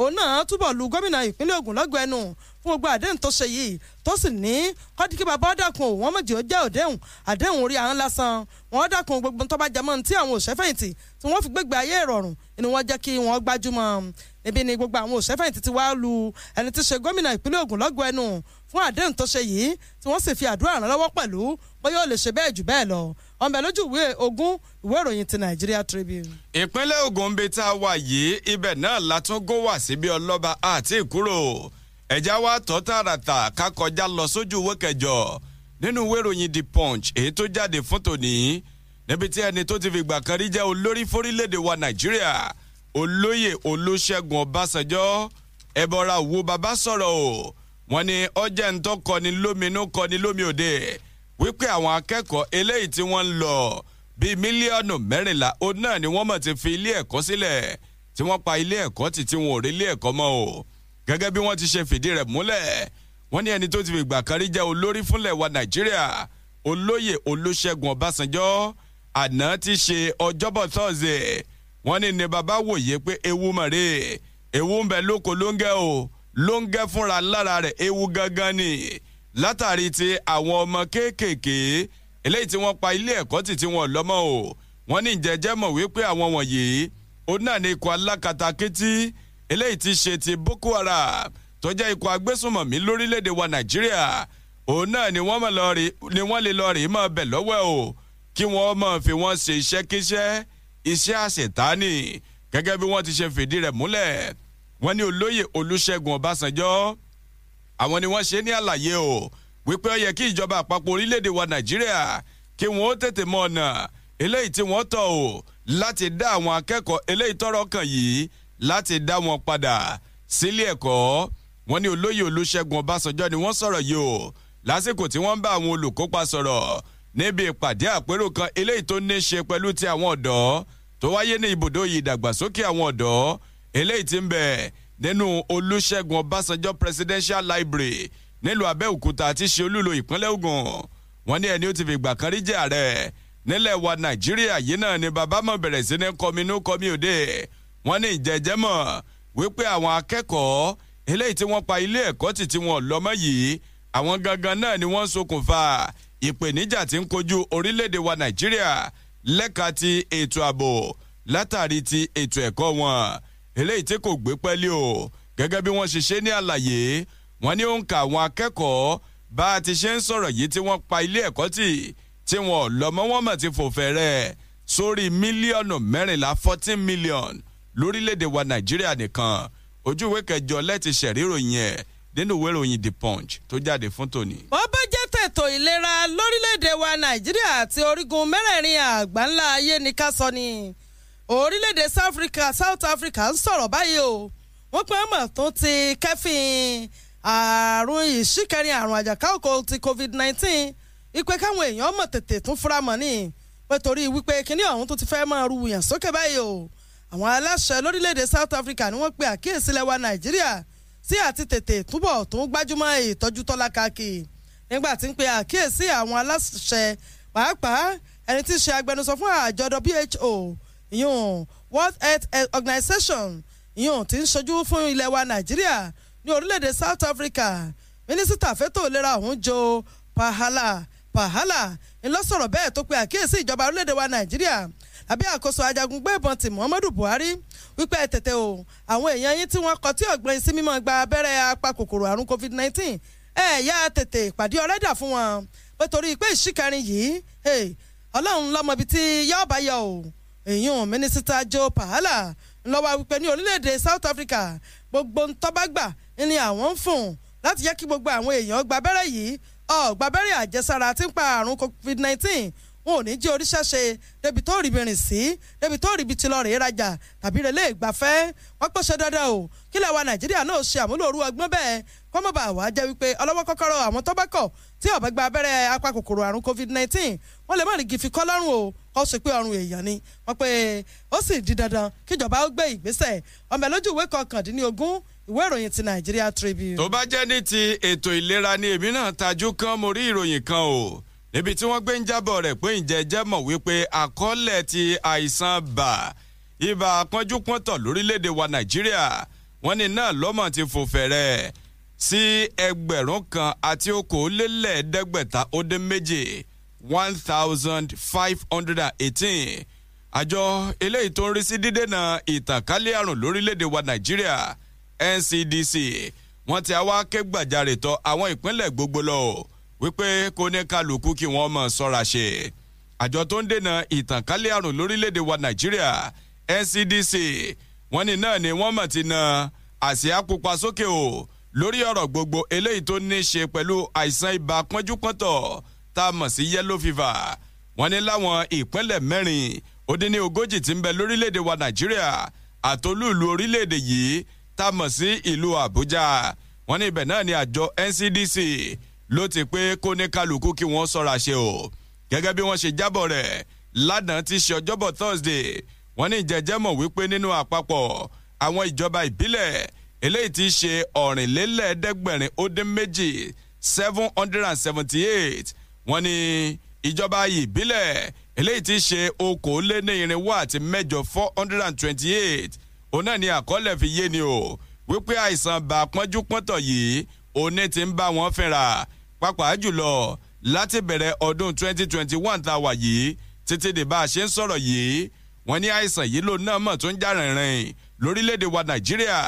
òun náà túbọ̀ lu gómìnà ìpínlẹ̀ Ògùn lọ́gọ ẹnu fún gbogbo àdéhùn tó ṣe yìí tó sì ní kọ́díkì bàbá dàkún òun wọ́n méjì ó jẹ́ òdéhùn àdéhùn orí àwọn lásán wọ́n dàkún gbogbo tó bá jẹmọ́ ní tí àwọn òṣèfẹ̀yìntì tí wọ́n fi gbégbé ayé ìrọ̀rùn ni wọ́n jẹ́ kí wọ́n gbájúmọ́ ibi ni gbogbo àwọn òṣèfẹ̀yìntì ti wá lu ẹni tí ṣe gómìnà ìpínlẹ̀ Ògùn lọ́gọ ẹnu fún àdéhùn tó ṣe yìí tí wọ́n sì fi àdúrà ràn lọ́wọ́ pẹ̀lú bóyá ó lè ṣe bẹ́ẹ̀ jù bẹ́ẹ̀ lọ ọ̀nbẹ lójú ìwé ogun ìwé ìròyìn ti Nigeria Tribune. ìpínlẹ̀ Ògùn bíi tá a wà yìí ibẹ̀ náà la tún gó wà síbi ọlọ́ba àti ìkúrò ẹ̀já wa tọ́ tààràtà ká kọjá lọ sójú ìwé kẹjọ nínú ìwé ìròyìn The Punch èyí tó jáde fún tòní níbi tí ẹni tó ti fìgbà kan rí jẹ́ olórí fórílẹ̀-èdè wa Nàìjíríà olóyè Olúṣẹ́gun Ọbásanjọ́ ẹ̀bọ̀ra wo bàbá sọ̀rọ̀ o wọ́n ní ọjà ń tọ́ kọni lóminú kọni lómi òde wípé àwọn akẹ́kọ̀ọ́ eléyìí tí wọ́n ń lọ bíi mílíọ̀nù mẹ́rìnlá ó náà ni wọ́n mọ̀ ti fi ilé ẹ̀kọ́ sílẹ̀ tí wọ́n pa ilé ẹ̀kọ́ tì tí wọn ò rí ilé ẹ̀kọ́ mọ́ o gẹ́gẹ́ bí wọ́n ti ṣe fìdí rẹ̀ múlẹ̀ wọ́n ní ẹni tó ti fi ìgbà kan rí jẹ́ olórí fúnlẹ̀ wa Nàìjíríà olóyè Olúṣẹ́gun Ọbásanjọ́ àná ti ṣe ọjọ́bọ̀ Thursday wọ́n ní ni bàbá wòye pé ewu mọ̀rẹ́ ewu ń bẹ lóko lóńgẹ́ o lóńgẹ́ fúnra lára rẹ̀ ewu gangan ni látàrí ti àwọn ọmọ kéékèèké eléyìí tí wọ́n pa ilé ẹ̀kọ́ tì tí wọ́n lọ́mọ o wọ́n ní ìjẹ́jẹ́ mọ̀ wípé àwọn wọ̀nyí òun náà ní ikọ̀ alákatakítí eléyìí ti ṣe ti Boko Haram tó jẹ́ ikọ̀ agbésùnmọ̀mí lórílẹ̀ wa Nàìjíríà òun náà ni wọ́n lè lọ rí mọ́ bẹ̀ lọ́wọ́ o kí wọ́n mọ̀ fi wọ́n ṣe iṣẹ́ kíṣẹ́ iṣẹ́ àṣetánì gẹ́gẹ́ bí wọ́n ti ṣe fìdí rẹ̀ múlẹ̀ wọ́n ní olóyè Olúṣẹ́gun Ọbásanjọ́ àwọn ni wọ́n ṣe ní àlàyé o wípé ó yẹ kí ìjọba àpapọ̀ orílẹ̀-èdè wa nàìjíríà kí wọ́n ó tètè mọ ọ̀nà eléyìí tí wọ́n tọ̀ o láti dá àwọn akẹ́kọ̀ọ́ eléyìí tọ́rọ̀ kàn yìí láti dá wọn padà sílé ẹ̀kọ́ wọ́n ní olóyè olúṣẹ́gun ọbásanjọ́ ni wọ́n sọ̀rọ̀ yìí o lásìkò tí wọ́n ń bá àwọn olùkópa sọ̀rọ̀ níbi ìpàdé àpérò kan eléyìí tó ní ṣe pẹ̀lú ti àwọn ọ̀dọ́ tó wáyé ní ibùdó ìdàgbàsókè àwọn ọ̀dọ́ eléyìí tí ń bẹ nínú olúṣẹ́gun ọbásanjọ́ presidential library nílùú abẹ́òkúta tí ṣe olúlo ìpínlẹ̀ ògùn wọ́n ní ẹni ó ti fi ìgbà kan rí jẹ́ ààrẹ nílẹ̀ wa nàìjíríà yìí náà ni bàbá mọ̀ bẹ̀rẹ̀ sí ní kọminú kọmi òde wọ́n ní ìjẹ́jẹ́ mọ̀ wípé àwọn akẹ́kọ̀ọ́ eléyìí tí wọ́n pa ilé ẹ̀kọ́ tì tí wọ́n lọ́mọ yìí àwọn gangan náà ni wọ́n ṣokùnfà ìpèníjà tí ń kojú orílẹ̀-èdè wa nàìjíríà lẹ́ka ti ètò ààbò látàrí ti ètò ẹ̀kọ́ wọn eléyìí tí kò gbé pẹ́lí o gẹ́gẹ́ bí wọ́n ṣe ṣe ní àlàyé wọ́n ní òǹkà àwọn akẹ́kọ̀ọ́ bá a ti ṣe ń sọ̀rọ̀ yìí tí wọ́n pa ilé ẹ̀kọ́ tì tí wọ́n lọ́mọ wọn mọ̀ ti fò fẹ́rẹ̀ sórí mílíọ̀nù mẹ́rìnlá fourteen million lórílẹ̀‐èdè wa nàìjíríà nìkan ojú ìwé kẹjọ lẹ́ẹ̀tì ṣẹ̀rí ìròyìn ẹ̀ nínú ìwé ìròyìn the punch tó jáde fún tòní. bó bá jẹ́ tètò ìlera lórílẹ̀‐èdè wa nàìjíríà àti orígun mẹ́rẹ̀ẹ̀rin àgbáńlá ayé ni ká sọ ni orílẹ̀-èdè south africa south africa ń sọ̀rọ̀ báyìí o wọ́n pẹ́ mọ̀ tó ti kẹ́fìn àrùn ìṣíkẹrin àrùn àjàkáòkò ti covid-19 ipe káwọn èèyàn mọ̀ tètè tún fura mọ̀ ní pé torí wípé kinní ọ̀hún tó ti fẹ́ máa ruyàn sókè báyìí o àwọn aláṣẹ lórílẹ̀‐èdè South Africa ni wọ́n pe àkíyèsí lẹ́wà Nàìjíríà sí àti tètè túbọ̀ tó ń gbájúmọ́ ìtọ́jú tọ́lá káàkiri nígbà tí ń pe àkíyèsí àwọn aláṣẹ pàápàá ẹni tí í ṣe agbẹnusọ fún àjọ WHO ìyún World Health Organization ìyún tí ń ṣojú fún ilẹ̀ wa Nàìjíríà ní orílẹ̀-èdè South Africa mínísítà fẹ́tò ìlera ọ̀hún Joe Pahala Pahala ńlọ́sọ̀rọ̀ bẹ́ẹ̀ tó pe àkíyèsí ìjọba orílẹ̀-èdè wa Nàìjíríà àbí àkóso ajagun gbé ìbọn tí Muhammadu Buhari wípé ẹ tètè o àwọn èèyàn yín tí wọ́n kọ tí ọ̀gbìn sí mímọ́ gba abẹ́rẹ́ apakòkòrò àrùn COVID-19 ẹ yá tètè ìpàdé ọ̀rẹ́dà fún wọn pé torí pé ìṣìkẹrin yìí Ọlọ́run lọ́mọ ibi tí yọ́ọ̀bá yọ o èyàn mínísítà Joe Pahala ńlọ́wọ́ wípé ní orílẹ̀-èdè South Africa gbogbo ntọ́bágbà ni àwọn ń fún láti jẹ́ kí gbogbo àwọn èèyàn gba abẹ́rẹ́ yìí ọ̀gbà abẹ́rẹ́ àjẹsára tí ń pa àrùn COVID-19 wọn ò ní jẹ́ oríṣàṣe débi tó rí bìrìn sí débi tó rí ibi tí lọ́ọ́ rè rajà tàbí rẹ̀ lè gbafẹ́ wọ́n pèsè dandan o kí lẹ́wà nàìjíríà náà ṣe àmúlò orú ọgbọ́n bẹ́ẹ̀ kó má bàa wá wípé ọlọ́wọ́ kọ́kọ́rọ́ àwọn tó bá kọ̀ tí ó gba abẹ́rẹ́ apakòkòrò àrùn covid-19 wọ́n lè má rí gìfì kọ́ lọ́rùn o kó sì pé ọrùn èèyàn ni wọ́n pé ó sì di dandan kíjọba ó gbé ìgbésẹ̀ ọmọ ẹ̀ ìwé kọkàndínlógún ìwé ìròyìn ti Nigeria Tribune. tó bá jẹ́ ní ti ètò ìlera ni èmi náà tajú kan mo rí ìròyìn kan o níbi tí wọ́n gbé ń jábọ̀ rẹ̀ pé ǹjẹ́ jẹ́ mọ̀ wípé àkọọ́lẹ̀ ti àìsàn bà ibà pọ́njú pọ́ntọ̀ lórílẹ̀‐èdè wa Nàìjíríà wọ́n ní náà lọ́mọ̀ ti fò fẹ̀rẹ̀ sí ẹgbẹ̀rún kan àti okòólélẹ́ẹ̀ẹ́dẹ́gbẹ̀ta ó dé méje one thousand five hundred and eighteen àjọ eléyìí tó ń rí sí dídènà ìtànkálẹ̀ àrùn lórílẹ̀‐èdè wa nàìjíríà ncdc wọ́n ti àwa ké gbàjarè tọ àwọn ìpínlẹ̀ gbogbo lọ wípé kò ní kálukú kí wọ́n mọ̀ sọ́ra ṣe àjọ tó ń dènà ìtànkálẹ̀ àrùn lórílẹ̀‐èdè wa nàìjíríà ncdc wọ́n ní náà ni wọ́n mọ̀ ti na àsíá pupa sókè o lórí ọ̀rọ̀ gbogbo eléyìí tó ní í ṣe pẹ̀lú àìsàn ibà pọ́njúkọ́ntọ̀ tá a mọ̀ sí yellow fever wọ́n ní láwọn ìpínlẹ̀ mẹ́rin ó dín ní ogójì tí ń bẹ lórílẹ̀‐èdè wa nàìjíríà àtolúùlú orílẹ̀‐èdè yìí tá a mọ̀ sí ìlú àbújá wọ́n ní ibẹ̀ náà ni àjọ ncdc ló ti pé kó ní kálukú kí wọ́n sọ̀rọ̀ àṣẹ o gẹ́gẹ́ bí wọ́n ṣe jábọ̀ rẹ̀ lánàá ti ṣe ọjọ́bọ̀ thursday wọ́n ní ìjẹ́jẹ́ mọ̀ wípé nínú àpapọ̀ àwọn ìjọba ìbílẹ̀ eléyìí ti ṣe ọ̀rìnlélẹ́ẹ̀ẹ́dẹ́gbẹ̀rin ó dín méjì seven hundred and seventy eight wọ́n ní ìjọba ìbílẹ̀ eléyìí ti ṣe okòólénírínwó àti mẹ́jọ four hundred and twenty eight òun náà ni àkọọ́lẹ̀ fi yé ni o wípé àìsàn bá pọ́njú pọ́ntọ̀ yìí òní ti ń bá wọn fínra pàápàá jùlọ láti bẹ̀rẹ̀ ọdún twenty twenty one tá a wà yìí títí di bá a ṣe ń sọ̀rọ̀ yìí wọ́n ní àìsàn yìí ló náà mọ̀ tó ń jà rìnrìn lórílẹ̀‐èdè wa nàìjíríà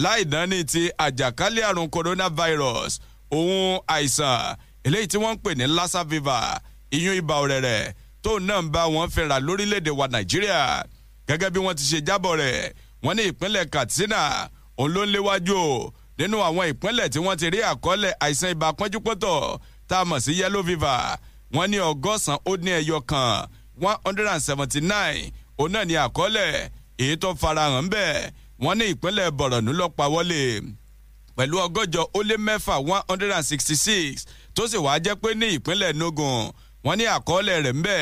láìdánní ti àjàkálẹ̀ àrùn coronavirus òun àìsàn eléyìí tí wọ́n ń pè ní lassa viva iyún ibà ọ̀rẹ̀rẹ̀ tóun náà ń bá wọn fẹ́ra lórílẹ̀‐èdè wa nàìjíríà gẹ́gẹ́ bí wọ́n ti ṣe jábọ̀ rẹ̀ wọ́n ní ìpínlẹ̀ katsina òun ló ń léwájú nínú àwọn ìpínlẹ̀ tí wọ́n ti rí àkọọ́lẹ̀ àìsàn ibà pọ́njúpọ́tọ̀ tá a mọ̀ sí yellow viva wọ́n ní ọgọ́sàn ó dín ẹyọ kan one hundred and seventy nine òun náà ní àkọọ́lẹ̀ èyí tó farahàn bẹ́ẹ̀ wọ́n ní ìpínlẹ̀ bọ̀rọ̀nù lọ́pàá wọlé pẹ̀lú ọgọ́jọ ó lé mẹ́fà one hundred and sixty six tó sì wáá jẹ́ pé ní ìpínlẹ̀ nogun wọ́n ní àkọọ́lẹ̀ rẹ̀ ńbẹ̀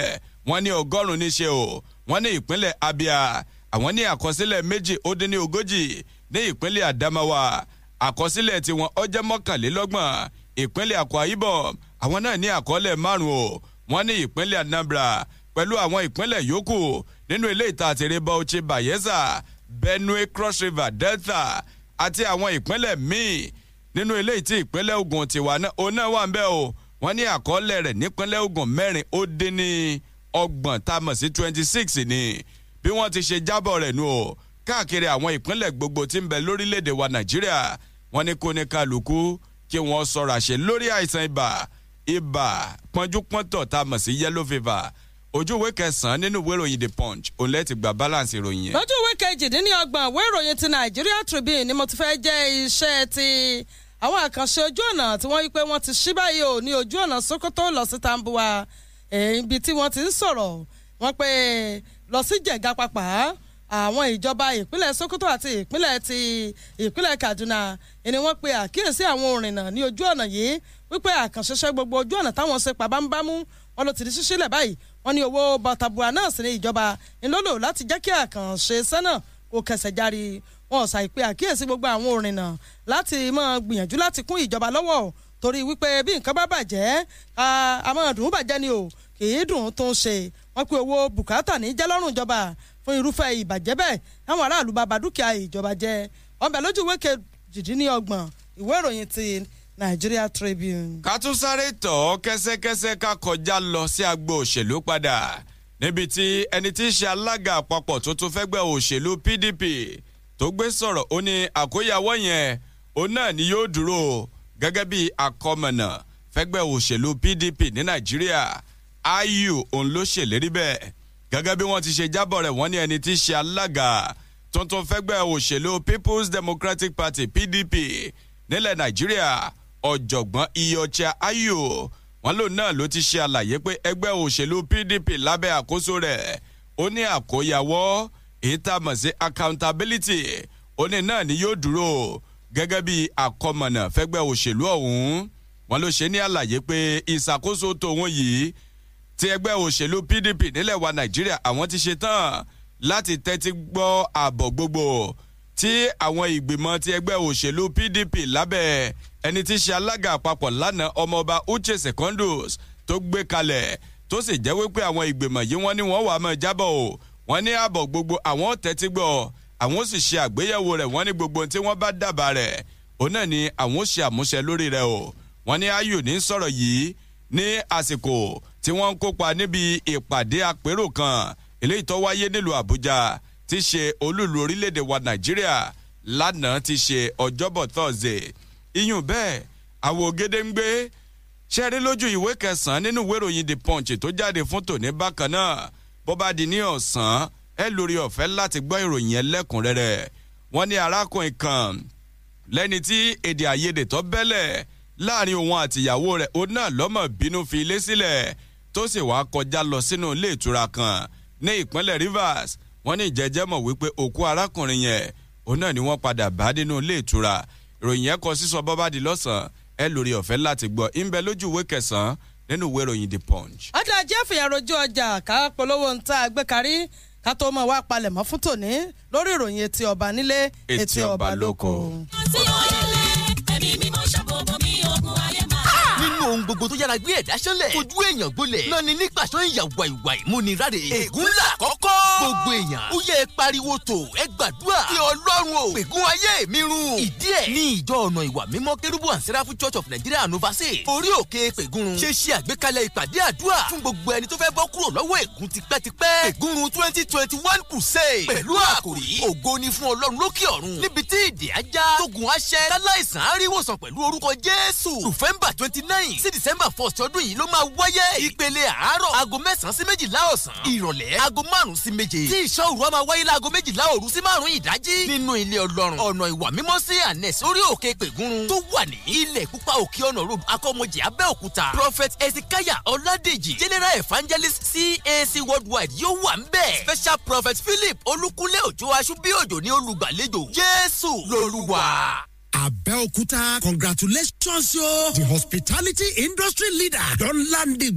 wọ́n ní ọgọ́rùn-ún níṣẹ́ o wọ́n ní ìpínlẹ̀ abia àwọn ní àkọsílẹ̀ méjì ó dín ní ogójì ní ìpínlẹ̀ adamawa àkọsílẹ̀ tiwọn ó jẹ́ mọ́kànlélọ́gbọ̀n ìpínlẹ̀ akwa ibom àwọn náà ní àkọọ́lẹ̀ márùn o wọ́n ní ìpínlẹ̀ anambra pẹ̀lú àwọn ìpínlẹ̀ yòókù nínú ilé ìta àtẹrẹ bauchi bayelsa benue cross river delta àti àwọn ìpínlẹ̀ míì nínú eléyìí tí ìpínlẹ̀ Ògùn tiwa náà òun náà wà ń bẹ̀ o wọ́n ní àkọọ́lẹ̀ rẹ̀ nípínlẹ̀ Ògùn mẹ́rin ó dín ní ọgbọ̀n tá a mọ̀ sí twenty six ni bí wọ́n ti ṣe jábọ̀ rẹ̀ nù o káàkiri àwọn ìpínlẹ̀ gbogbo tí ń bẹ lórílẹ̀‐èdè wa Nàìjíríà wọ́n ní kó ní kálukú kí wọ́n ṣọ́ra ṣe lórí àìsàn ibà ibà pọ́njúpọ́ntọ̀ tá a mọ̀ sí yellow fever ojú ìwé kẹsànán nínú ìwé ìròyìn the punch òun lẹ́ẹ̀tì gba balance ìròyìn yẹn. lójú ìwé kejìdínlọ́gbọ̀n ìwé ìròyìn ti Nigeria Tribune ni mo ti fẹ́ jẹ́ iṣẹ́ ti àwọn àkànṣe ojú ọ̀nà tí wọ́n wí pé wọ́n ti ṣí báyìí ò ní ojú ọ̀nà Sokoto lọ sí Tambuwa ibi tí wọ́n ti ń sọ̀rọ̀ wọ́n pé lọ sí Jẹ̀gà pàpà àwọn ìjọba ìpínlẹ̀ Sokoto àti ìpínlẹ̀ ti ìpínlẹ̀ Kaduna ni wọ́n pe àkíyèsí àwọn òrìnnà ní ojú ọ̀nà yìí wípé àkànṣeṣẹ́ gbogbo ojú ọ̀nà táwọn ṣe pàbámbámú wọn ló ti di ṣíṣílẹ̀ báyìí wọ́n ní owó bàtàbùrà náà sì ní ìjọba ńlọ́lò láti jẹ́ kí àkànṣe sẹ́nà kò kẹsẹ̀ járí wọn ṣàì pé àkíyèsí gbogbo àwọn òrìnnà láti máa gbìyànjú láti kún ìjọba lọ́wọ́ torí wípé bí nǹkan bá bàjẹ́ àmọ́dùn bàjẹ́ ni o kì í dùn tó ń ṣe wọ́n pé owó bùkátà ní jẹ́ lọ́rùn ìjọba fún irúfẹ́ ìbàjẹ́ bẹ́ẹ̀ àwọn aráàlú bá ba dúkìá ìjọba jẹ́ ọbẹ̀ lójú ìwé kejìdínlọ́gbọ̀n ìwé ìròyìn ti Nigeria Tribune. ká tún sáré tọ̀ ọ́ kẹ́sẹ́kẹ́sẹ́ ká kọjá lọ sí agbo òṣèlú padà níbi tí ẹni tí í ṣe alága àpapọ̀ tuntun fẹ́gbẹ́ òṣèlú PDP tó gbé sọ̀rọ̀ ó ní àkóyawọ́ yẹn òun náà ni yóò dúró gẹ́gẹ́ bí akọ́mọ̀nà fẹ́gbẹ́ òṣèlú PDP ní Nàìjíríà IU òun ló ṣèlérí bẹ́ẹ̀ gẹ́gẹ́ bí wọ́n ti ṣe jábọ̀ rẹ̀ wọ́n ní ẹni tí í ṣe alága tuntun fẹ́gbẹ́ òṣèlú People's Democratic Party PDP nílẹ̀ Nàìjíríà ọ̀jọ̀gbọ́n iyọ̀chia ayo wọn lòun náà ló ti ṣe àlàyé pé ẹgbẹ́ òṣèlú pdp lábẹ́ àkóso rẹ̀ ó ní àkóyawọ́ èyí tá a mọ̀ sí accountability ó ní náà ni yóò dúró gẹ́gẹ́ bí àkọmọ̀nà fẹ́gbẹ́ òṣèlú ọ̀hún wọn ló ṣe ní àlàyé pé ìṣàkóso tòun yìí ti ẹgbẹ́ òṣèlú pdp nílẹ̀ wa nàìjíríà àwọn ti ṣe tán láti tẹ́tí gbọ́ ààbọ̀ gbogbo tí àwọn ìgbìmọ̀ ti ẹgbẹ́ òṣèlú PDP lábẹ́ ẹni tí í ṣe alága àpapọ̀ lánàá ọmọọba Uche Secondus tó gbé kalẹ̀ tó sì jẹ́ wípé àwọn ìgbìmọ̀ yìí wọ́n ní wọ́n wà máa jábọ̀ o wọ́n ní ààbọ̀ gbogbo àwọn tẹ́tí gbọ́ àwọn sì ṣe àgbéyẹ̀wò rẹ̀ wọ́n ní gbogbo tí wọ́n bá dábàá rẹ̀ òun náà ni àwọn ṣe àmúṣẹ lórí rẹ̀ o wọ́n ní ayù ní sọ̀rọ̀ yìí ní àsìkò tí wọ́n ń kópa níbi ìpàdé àpérò kan eléyìí tó wáyé nílùú Àbújá tí í ṣe olúlu orílẹ̀-èdè wa nàìjíríà lánàá ti ṣe ọjọ́bọ̀ thursday iyùn bẹ́ẹ̀ àwò gédéǹgbé ṣẹ́rí lójú ìwé kẹsàn-án nínú ìwé ìròyìn the punch tó jáde fún tòní bákan náà bó bá di ní ọ̀sán ẹ lórí ọ̀fẹ́ láti gbọ́ ìròyìn ẹlẹ́kùnrẹ́rẹ́ wọ́n ní arákùnrin kan lẹ́ni tí èdè àìyedè tó bẹ́lẹ̀ láàrin òun àtìyàwó rẹ̀ òun náà lọ́mọ bínú fi ilé sílẹ̀ tó sì wá kọjá lọ sínú ilé ìtura kan ní ìpínlẹ̀ rivers wọ́n ní ìjẹ́jẹ́ mọ̀ wípé òkú arákùnrin yẹn òun náà ni wọ́n padà bá nínú ilé ìtura ìròyìn yẹn kọ sísọ bọ́bá di ẹ lórí ọ̀fẹ́ láti gbọ́ ń lójú ìwé kẹsàn nínú ìwé ìròyìn the punch. ọjà jẹ́fì àròjọ ọjà ká polówó ń ta àgbékarí ká tó mọ̀ wá palẹ̀mọ́ fún tòní lórí ìròyìn etí ọba nílé etí ọba lóko. ohun gbogbo tó yára gbé ẹ̀dá ṣánlẹ̀ ojú èèyàn gbolẹ̀ náà ni nígbà tó ń yàwá ìwà ìmúniráre ègúnlà kọ́kọ́ gbogbo èèyàn ó yẹ pariwo tó ẹ gbàdúrà kí ọlọ́run ò pègún ayé mi run ìdí ẹ̀ ní ìjọ ọ̀nà ìwà mímọ́ kérúbù and seraphim church of nigeria novasi orí òkè pègúrun ṣe ṣe àgbékalẹ̀ ìpàdé àdúrà fún gbogbo ẹni tó fẹ́ bọ́ kúrò lọ́wọ́ ègún tipẹ́tipẹ́ pègúrun twenty twenty one sí december first ọdún yìí ló máa wáyé ìpele àárọ̀ aago mẹ́sàn-án sí méjìlá ọ̀sán ìrọ̀lẹ́ aago márùn-ún sí méje tí ìṣọ́ òru á máa wáyé láago méjìlá òru sí márùn-ún ìdájí nínú ilé ọlọ́run ọ̀nà ìwà mímọ́ sí anes orí òkè pègúrun tó wà ní ilẹ̀ pupa òkè ọ̀nà road akọ́mọjì abẹ́òkúta prophet ezekiah ọládèjì general evangelist cac worldwide yóò wà ń bẹ̀ special prophet philip olúkúnlé òjò aṣúbí Abeokuta, congratulations, yo. The hospitality industry leader, Don Landy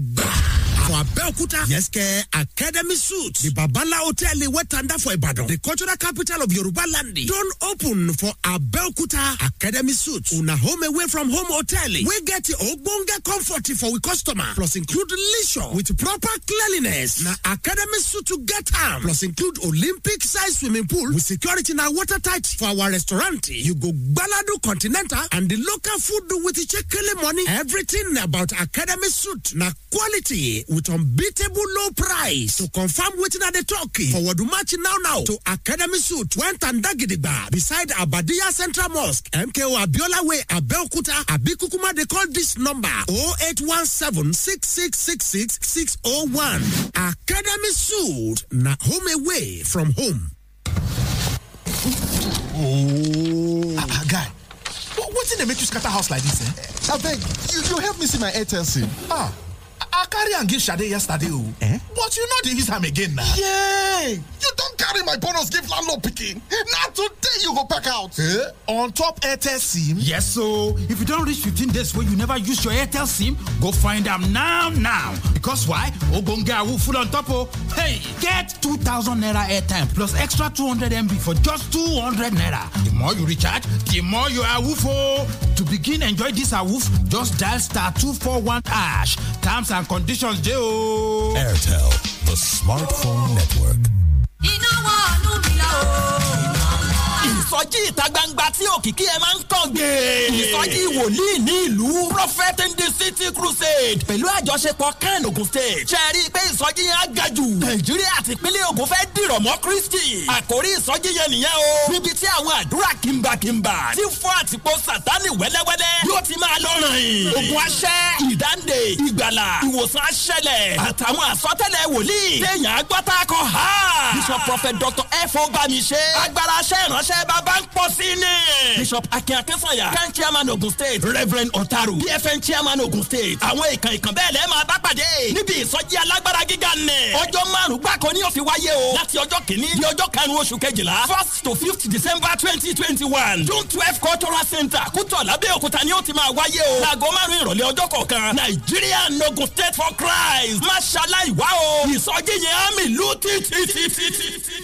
for Abeokuta. Yes, ke Academy Suits. The Babala Hotel in Wetanda for Ibadan. The cultural capital of Yoruba land. Don't open for Abeokuta Academy Suits. Una home away from home hotel. We get Ogbonga comfort for we customer. Plus include leisure with proper cleanliness. Na Academy Suit to get arm. Plus include Olympic size swimming pool with security na watertight for our restaurant. You go Baladu Continental and the local food with the money. Everything about Academy Suit. Na quality with unbeatable low price. To confirm which are they talking, forward match now now to Academy Suit, Went and bar beside Abadia Central Mosque, MKO Abiola Way, Abelkuta, Abikukuma, they call this number 0817 Academy Suit, na home away from home. Oh, uh, guy. what's in the matrix scatter house like this? Eh? eh? I beg, you, you help me see my AirTel SIM. Ah. i carry and give Sade yesterday o oh. eh? but you no dey use am again now. yay you don't carry my bonus give landlord picking. na today you go pack out. Eh? on top airtel sim. yes so if you don't reach fifteen days wey you never use your airtel sim go find am now now because why ogbonge awu full on top oh. hey get two thousand naira airtime plus extra two hundred mb for just two hundred naira the more you recharge the more you are woof. Oh, to begin enjoy this awoof just dial star two four one hash terms and and conditions Airtel the smartphone network. ìsọjí ìta gbangba tí òkìkí ẹ máa ń tàn gbé. ìsọjí wòlíì ní ìlú prophet in the city crusade pẹ̀lú àjọṣepọ̀ kan ogun state. ṣe rí i pé ìsọjí yẹn á ga jù. nàìjíríà àti ìpínlẹ̀ ogun fẹ́ dìrọ̀ mọ́ kristi. àkórí ìsọjí yẹn nìyẹn o. níbi tí àwọn àdúrà kìmbàkìmbà tí fọ́ àtìpó sàtánì wẹ́lẹ́wẹ́lẹ́ yóò ti máa lọ rìn. ogun aṣẹ́ ìdáǹdè ìgbàlà ìwòsàn aṣẹlẹ̀ àtàwọn àsọtẹ́lẹ̀ wòlíì. téèyàn agbọ́tà kọ ha. bishop prophet dr f o bami ṣe. agbára aṣẹ́ ìránṣẹ́ bá bá ń pọ̀ sí ni. bishop akin akínsànyà kan chairman ogun state reverend otaru bfn chairman ogun state àwọn ìkàn ìkàn bẹ́ẹ̀ lẹ́ẹ̀ máa bá pàdé níbi ìsọjí alágbára gíga nẹ̀. ọjọ́ márùn-ún gbáko ni yóò fi wáyé o láti ọjọ́ kìíní di ọjọ́ karùn-ún oṣù kejìlá first to fifth december twenty twenty one june twelve cultural center kútọ̀ lábẹ́òkúta ni ó ti máa wáyé o láago márùn-ún ìrọ̀lẹ́ ọjọ́ kọ̀ọ̀kan nigeria nogun state for christ má ṣaláìwá o ìsọjí yẹn á mi lú títí títí títí.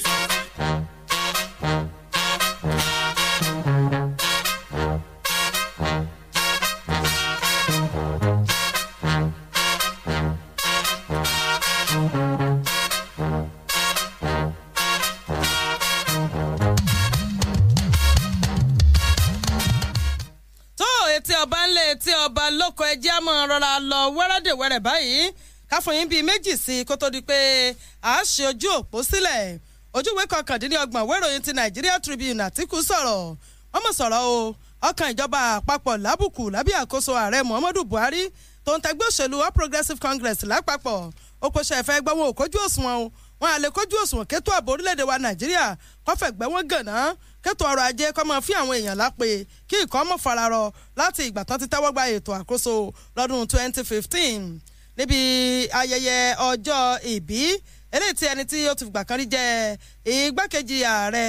dèwẹ̀rẹ̀ báyìí káfọn bíi méjì sí i kó tó di pé a ṣe ojú òpó sílẹ̀ ojúwe kọkàndínlọ́gbọ̀n wéròyìn ti Nigeria Tribune Àtíkù sọ̀rọ̀ wọ́n mọ̀ sọ̀rọ̀ o ọkàn ìjọba àpapọ̀ lábùkù lábẹ́ àkóso ààrẹ Muhammadu Buhari tó ń tẹgbẹ́ òṣèlú All Progressives Congress lápapọ̀ ó kò ẹ̀fẹ́ gbọ́ wọn ò kójú òṣùwọ̀n wọn à kójú òṣùwọ̀n kétó ààbò orílẹ̀-èdè wa Nàìjíríà kọ́fẹ̀gbẹ́ wọn gànán kétò ọrọ̀ ajé kó máa fi àwọn èèyàn lápè kí ìkọ́ mọ̀ fararọ láti ìgbà tán ti tẹ́wọ́ gba ètò àkóso lọ́dún 2015 níbi ayẹyẹ ọjọ́ ìbí eléyìí tí ẹni tí ó ti gbà kan rí jẹ igbákejì ààrẹ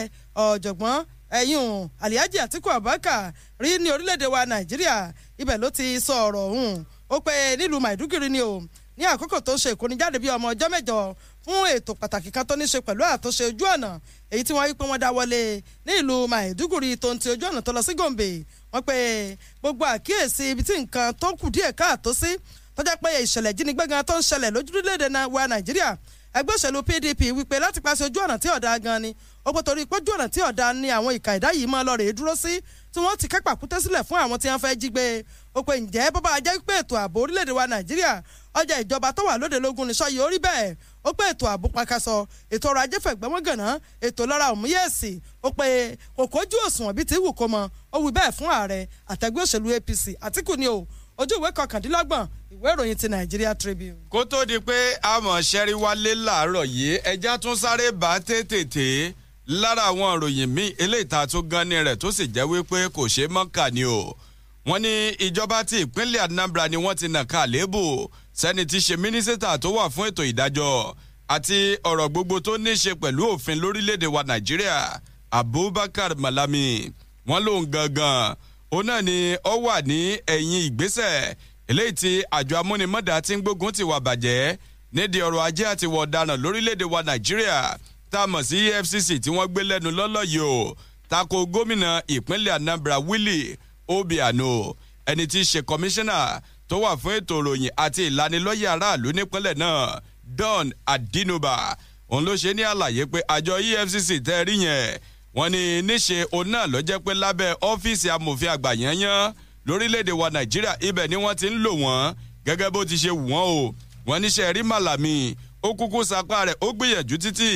ọ̀jọ̀gbọ́n ẹ̀yùn Alhaji Atiku Abubakar rí ní orílẹ̀-èdè wa Nàìjíríà ibẹ̀ ló ti sọ ọ̀rọ̀ ọ̀hún ó pé nílùú Maiduguri ni o ní àkókò tó ṣe ìkónijáde bíi ọmọ ọjọ́ mẹ́jọ fún ètò pàtàkì kan tó ní ṣe pẹ̀lú àtúnṣe ojú ọ̀nà èyí tí wọ́n wí pé wọ́n dá wọlé ní ìlú Maiduguri tó ń ti ojú ọ̀nà tó lọ sí Gombe wọ́n pe gbogbo àkíyèsí ibi tí nǹkan tó kù díẹ̀ káàtó sí tó jẹ́ pé ìṣẹ̀lẹ̀ jínigbé gan tó ń ṣẹlẹ̀ lójúlélẹ̀dẹ̀ wa Nàìjíríà ẹgbẹ́ òṣèlú PDP wípé láti pàṣẹ ojú ọ̀nà tí ọ̀dà gan ni ó pé torí pójú ọ̀nà tí ọ̀dà ni àwọn ìka ìdá yìí máa lọ rèé dúró sí tí wọ́n ti kẹ́pà kúté sílẹ̀ fún àwọn tí wọ́n fẹ́ jí gbé ó pe ǹjẹ́ bó bá jẹ́ pé ètò ààbò orílẹ̀-èdè wa nàìjíríà ọjà ìjọba tó wà lóde lógún ní sọ́yìí orí bẹ́ẹ̀ ó pé ètò ààbò pakasọ ètò ọrọ̀ ajé fẹ̀gbẹ́mọ́gànná ètò lọ́ra òmúyẹ̀sì ó pe kòkójú òṣùwọ̀n bíi ti wù kó mọ ó wí bẹ́ẹ̀ fún ààrẹ àtẹ̀gbẹ́ òṣèlú APC Àtíkù ni o ojú ìwé kọkàndínlọ́gbọ̀n ìwé ìròyìn ti Nigeria Tribune. kó tó di pé àmọ̀ ṣẹ́rí wálé làárọ̀ yìí ẹja tún sáré bá tètè lára àwọn ìròyìn míì eléyìí tá tún gan ni rẹ̀ tó sì jẹ́ wípé kò ṣeé mọ́kà ni o wọ́n ní ìjọba ti ìpínlẹ̀ Anambra ni wọ́n ti nàka àléébù sẹ́ni tí ṣe mínísítà tó wà fún ètò ìdájọ́ àti ọ̀rọ̀ gbogbo tó ní ṣe pẹ̀lú òfin lórílẹ̀‐èdè wa Nàìjíríà Abubakar Malami wọ́n lòun gangan òun náà ni ó wà ní ẹ̀yìn ìgbésẹ̀ eléyìí tí àjọ amúnimọ́dà ti ń gbógun ti wà bàjẹ́ nídìí ọrọ̀ ajé àti wọ̀ ọ̀daràn lórílẹ̀‐èdè wa Nàìjíríà tá a mọ̀ sí EFCC tí wọ́n gbé lẹ́nu lọ́lọ́ yìí o tako gómìnà ìpínlẹ̀ Anambra Willie Obiano ẹni tí í ṣe kọmíṣánná tó wà fún ètò ìròyìn àti ìlanilọ́yẹ̀ aráàlú nípínlẹ̀ náà Don Adinuba òun ló ṣe ní àlàyé pé àjọ EFCC tẹ́ ẹ rí yẹn wọ́n ní níṣe òun náà ló jẹ́ pé lábẹ́ ọ́fíìsì amòfin àgbà yányán lórílẹ̀‐èdè wa Nàìjíríà ibẹ̀ ni wọ́n ti ń lò wọ́n gẹ́gẹ́ bó ti ṣe wù wọ́n o wọ́n níṣe rí Màlàmí ó kúkú sapá rẹ̀ ó gbìyànjú títì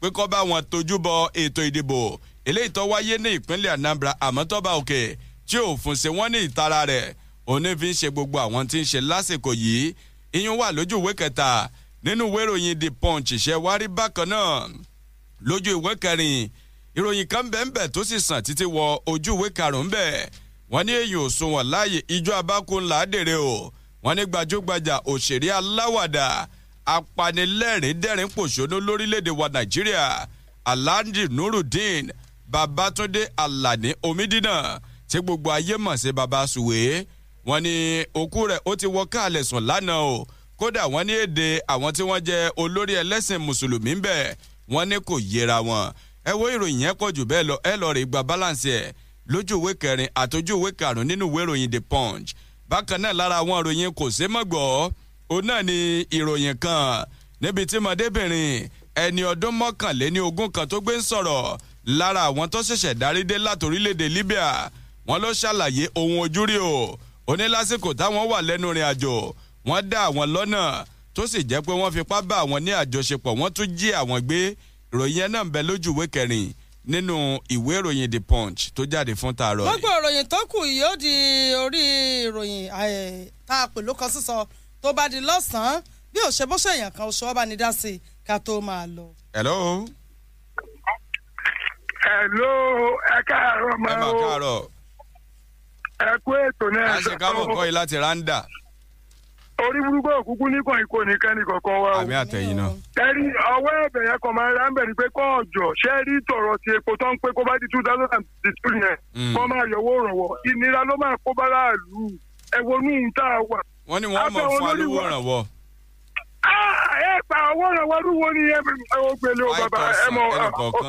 pé kó bá wọn tójú bọ ètò ìdìbò eléyìí tó wáyé ní ìpínlẹ̀ Anambra àmọ́ òkè okay tí òfin ṣe wọ́n ní ìtara rẹ̀ òní fi ń ṣe gbogbo àwọn tí ń ṣe lásìkò yìí iyún wà lójú ìwé kẹta nínú ìwé ìròyìn the punch ṣe wá rí bákan náà lójú ìwé kẹrin ìròyìn kan bẹ́ẹ̀nbẹ́ẹ̀ tó sì sàn títí wọ ojú ìwé karùn-ún bẹ́ẹ̀ wọ́n ní èyí ò sunwọ̀n láàyè ijó abákun làádèrè o wọ́n ní gbajúgbajà òṣèré aláwàdà apanilẹ́rìn dẹ́rìn pòṣónú lórílẹ̀‐èdè wa nàìjíríà alhaji nurudeen babatunde alani omidina tí gbogbo ayé mọ̀ sí baba suwe wọ́n ní òkú rẹ̀ ó ti wọ káàlẹ̀ sùn lánàá o kódà wọ́n ní èdè àwọn tí wọ́n jẹ́ olórí ẹlẹ́sìn mùsùlùmí ń bẹ wọ́n ní kò yẹra wọn ẹ wo ìròyìn yẹn pọ̀ jù bẹ́ẹ̀ lọ ẹ lọ rí gba balance ẹ̀ lójú ìwé kẹrin àtòjú ìwé karùn-ún nínú ìwé ìròyìn the punch bákan náà lára àwọn ìròyìn kò ṣe mọ́ gbọ́ òun náà ni ìròyìn kan níbi tí mọ̀débìnrin ẹni ọdún mọ́kànléní ogún kan tó gbé ń sọ̀rọ̀ lára àwọn tó ṣẹ̀ṣẹ̀ dárí dé látorílẹ̀ Libya wọn ló ṣàlàyé ohun ojúrí o ó ní lásìkò táwọn wà lẹ́nu ìrìn àjò wọ́n dá àwọn lọ́nà tó sì jẹ́ pé wọ́n fipá bá àwọn ní àjọṣepọ̀ wọ́n tún jí àwọn gbé ìròyìn náà bẹ lójú ìwé kẹrin nínú ìwé ìròyìn the punch tó jáde fún taarọ yìí. gbogbo ìròyìn tó kù yóò di orí ìròyìn tá a pè ló sísọ tó bá di lọ́sàn-án bí òṣè bó ṣe èèyàn kan oṣù ọba ká tó máa lọ. hello. hello ẹ káàárọ̀ mọ́ o. ẹ máa káàárọ̀. ẹ kú ètò náà. a ṣe káàbọ̀ randa. orí burúkú òkúkú nìkan ikú ní kọ̀ọ̀kan o. àmì àtẹ̀yìn náà. ẹ̀rí ọwọ́ ẹ̀bẹ̀ yẹn kan máa ń ráńbẹ̀ ni pé kọ́ ọ̀jọ̀ ṣé rí tọ̀rọ̀ bá di two thousand and two yẹn hmm. kó máa yọwọ́ ìnira ló máa kó ẹ̀wọ̀ ní wà. wọ́n ní wọ́n mọ̀ fún alówó ẹ pa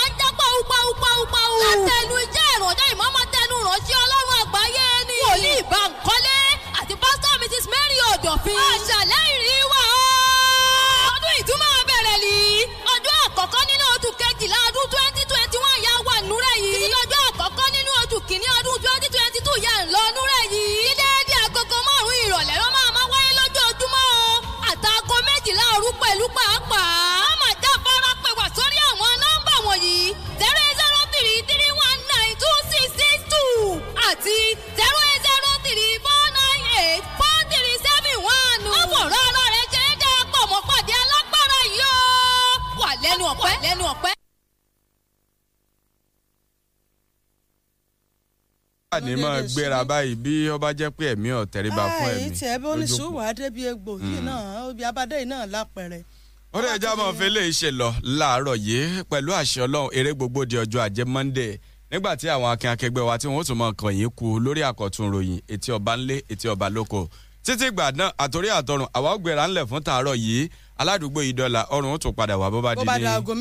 ká tẹnu iṣẹ́ ìrọ̀jẹ́ ìmọ̀ọ́mọ́ tẹnu ìrọ̀jẹ́ ọlọ́run àgbáyé ni. wòlíì bá ń kọ́lé àti pásítọ̀ mrs mary ọ̀dọ̀fin. àṣàlẹ́ ìrìn wà gbéra báyìí bí ó bá jẹ́ pé ẹ̀mí ọ̀ tẹríba fún ẹ̀mí. àyè tiẹ̀ bó ní sùwà débi egbò yìí hmm. náà obì abadé yìí náà lápẹ̀rẹ̀. ó lè já mọ́ fẹ́ lè ṣe lọ láàárọ̀ yìí pẹ̀lú àṣẹ ọlọ́run eré gbogbo di ọjọ́ ajé Monday nígbà tí àwọn akin akẹgbẹ́ wa tí wọ́n tún mọ kàn yín kú lórí àkọ́tún ròyìn etí ọba ńlé etí ọba lóko títí ìgbà náà àtòrí àtọrùn àwa gbéra ńlẹ̀ fún tàárọ̀ yìí aládùúgbò yìí dọ́là ọrùn ó tún padà wá bó bá di ní aago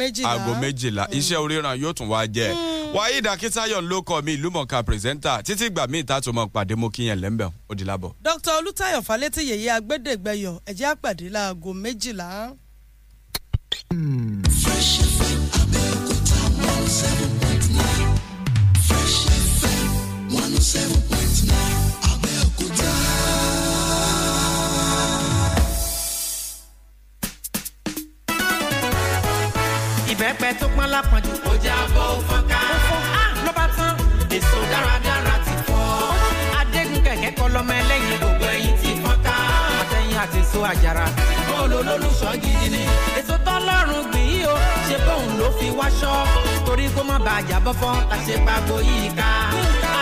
méjìlá hmm. iṣẹ́ oríran yóò tún wá jẹ́ hmm. wáyé ìdákítayọ̀ ló kọ́ mi ìlúmọ̀ọ́ká pírẹsẹ́ńtà títí ìgbà míì tá a mọ̀ pàdé mú kíyàn lẹ́ńbẹ̀ ó di lábọ̀. dr olùtayọ̀ falẹ́tì yèyé agbẹ́dẹ́gbẹ́yọ̀ ẹ̀jẹ̀ àpàdé láago méjìlá. Hmm. fresh fm abẹ́òkúta one oh seven point nine fresh fm one oh seven point nine. ìbẹ́pẹ tó pọ́n lápọ̀jù. ó já bó fọ́nká. ó fọ́n á ló bá tán. èso dáradára ti fọ́. adégún kẹ̀kẹ́ kọ lọ́mọ ẹlẹ́yin. gbogbo ẹyin ti fọ́nká. àtẹ̀yìn àti èso àjàrà. bọ́ọ̀lù olólùṣọ́ gidi ni. èso tọ́lọ́run gbìn yìí o ṣe bóun ló fi wáṣọ. torí kó má bàa jà bọ́fọ́ la yìí ká.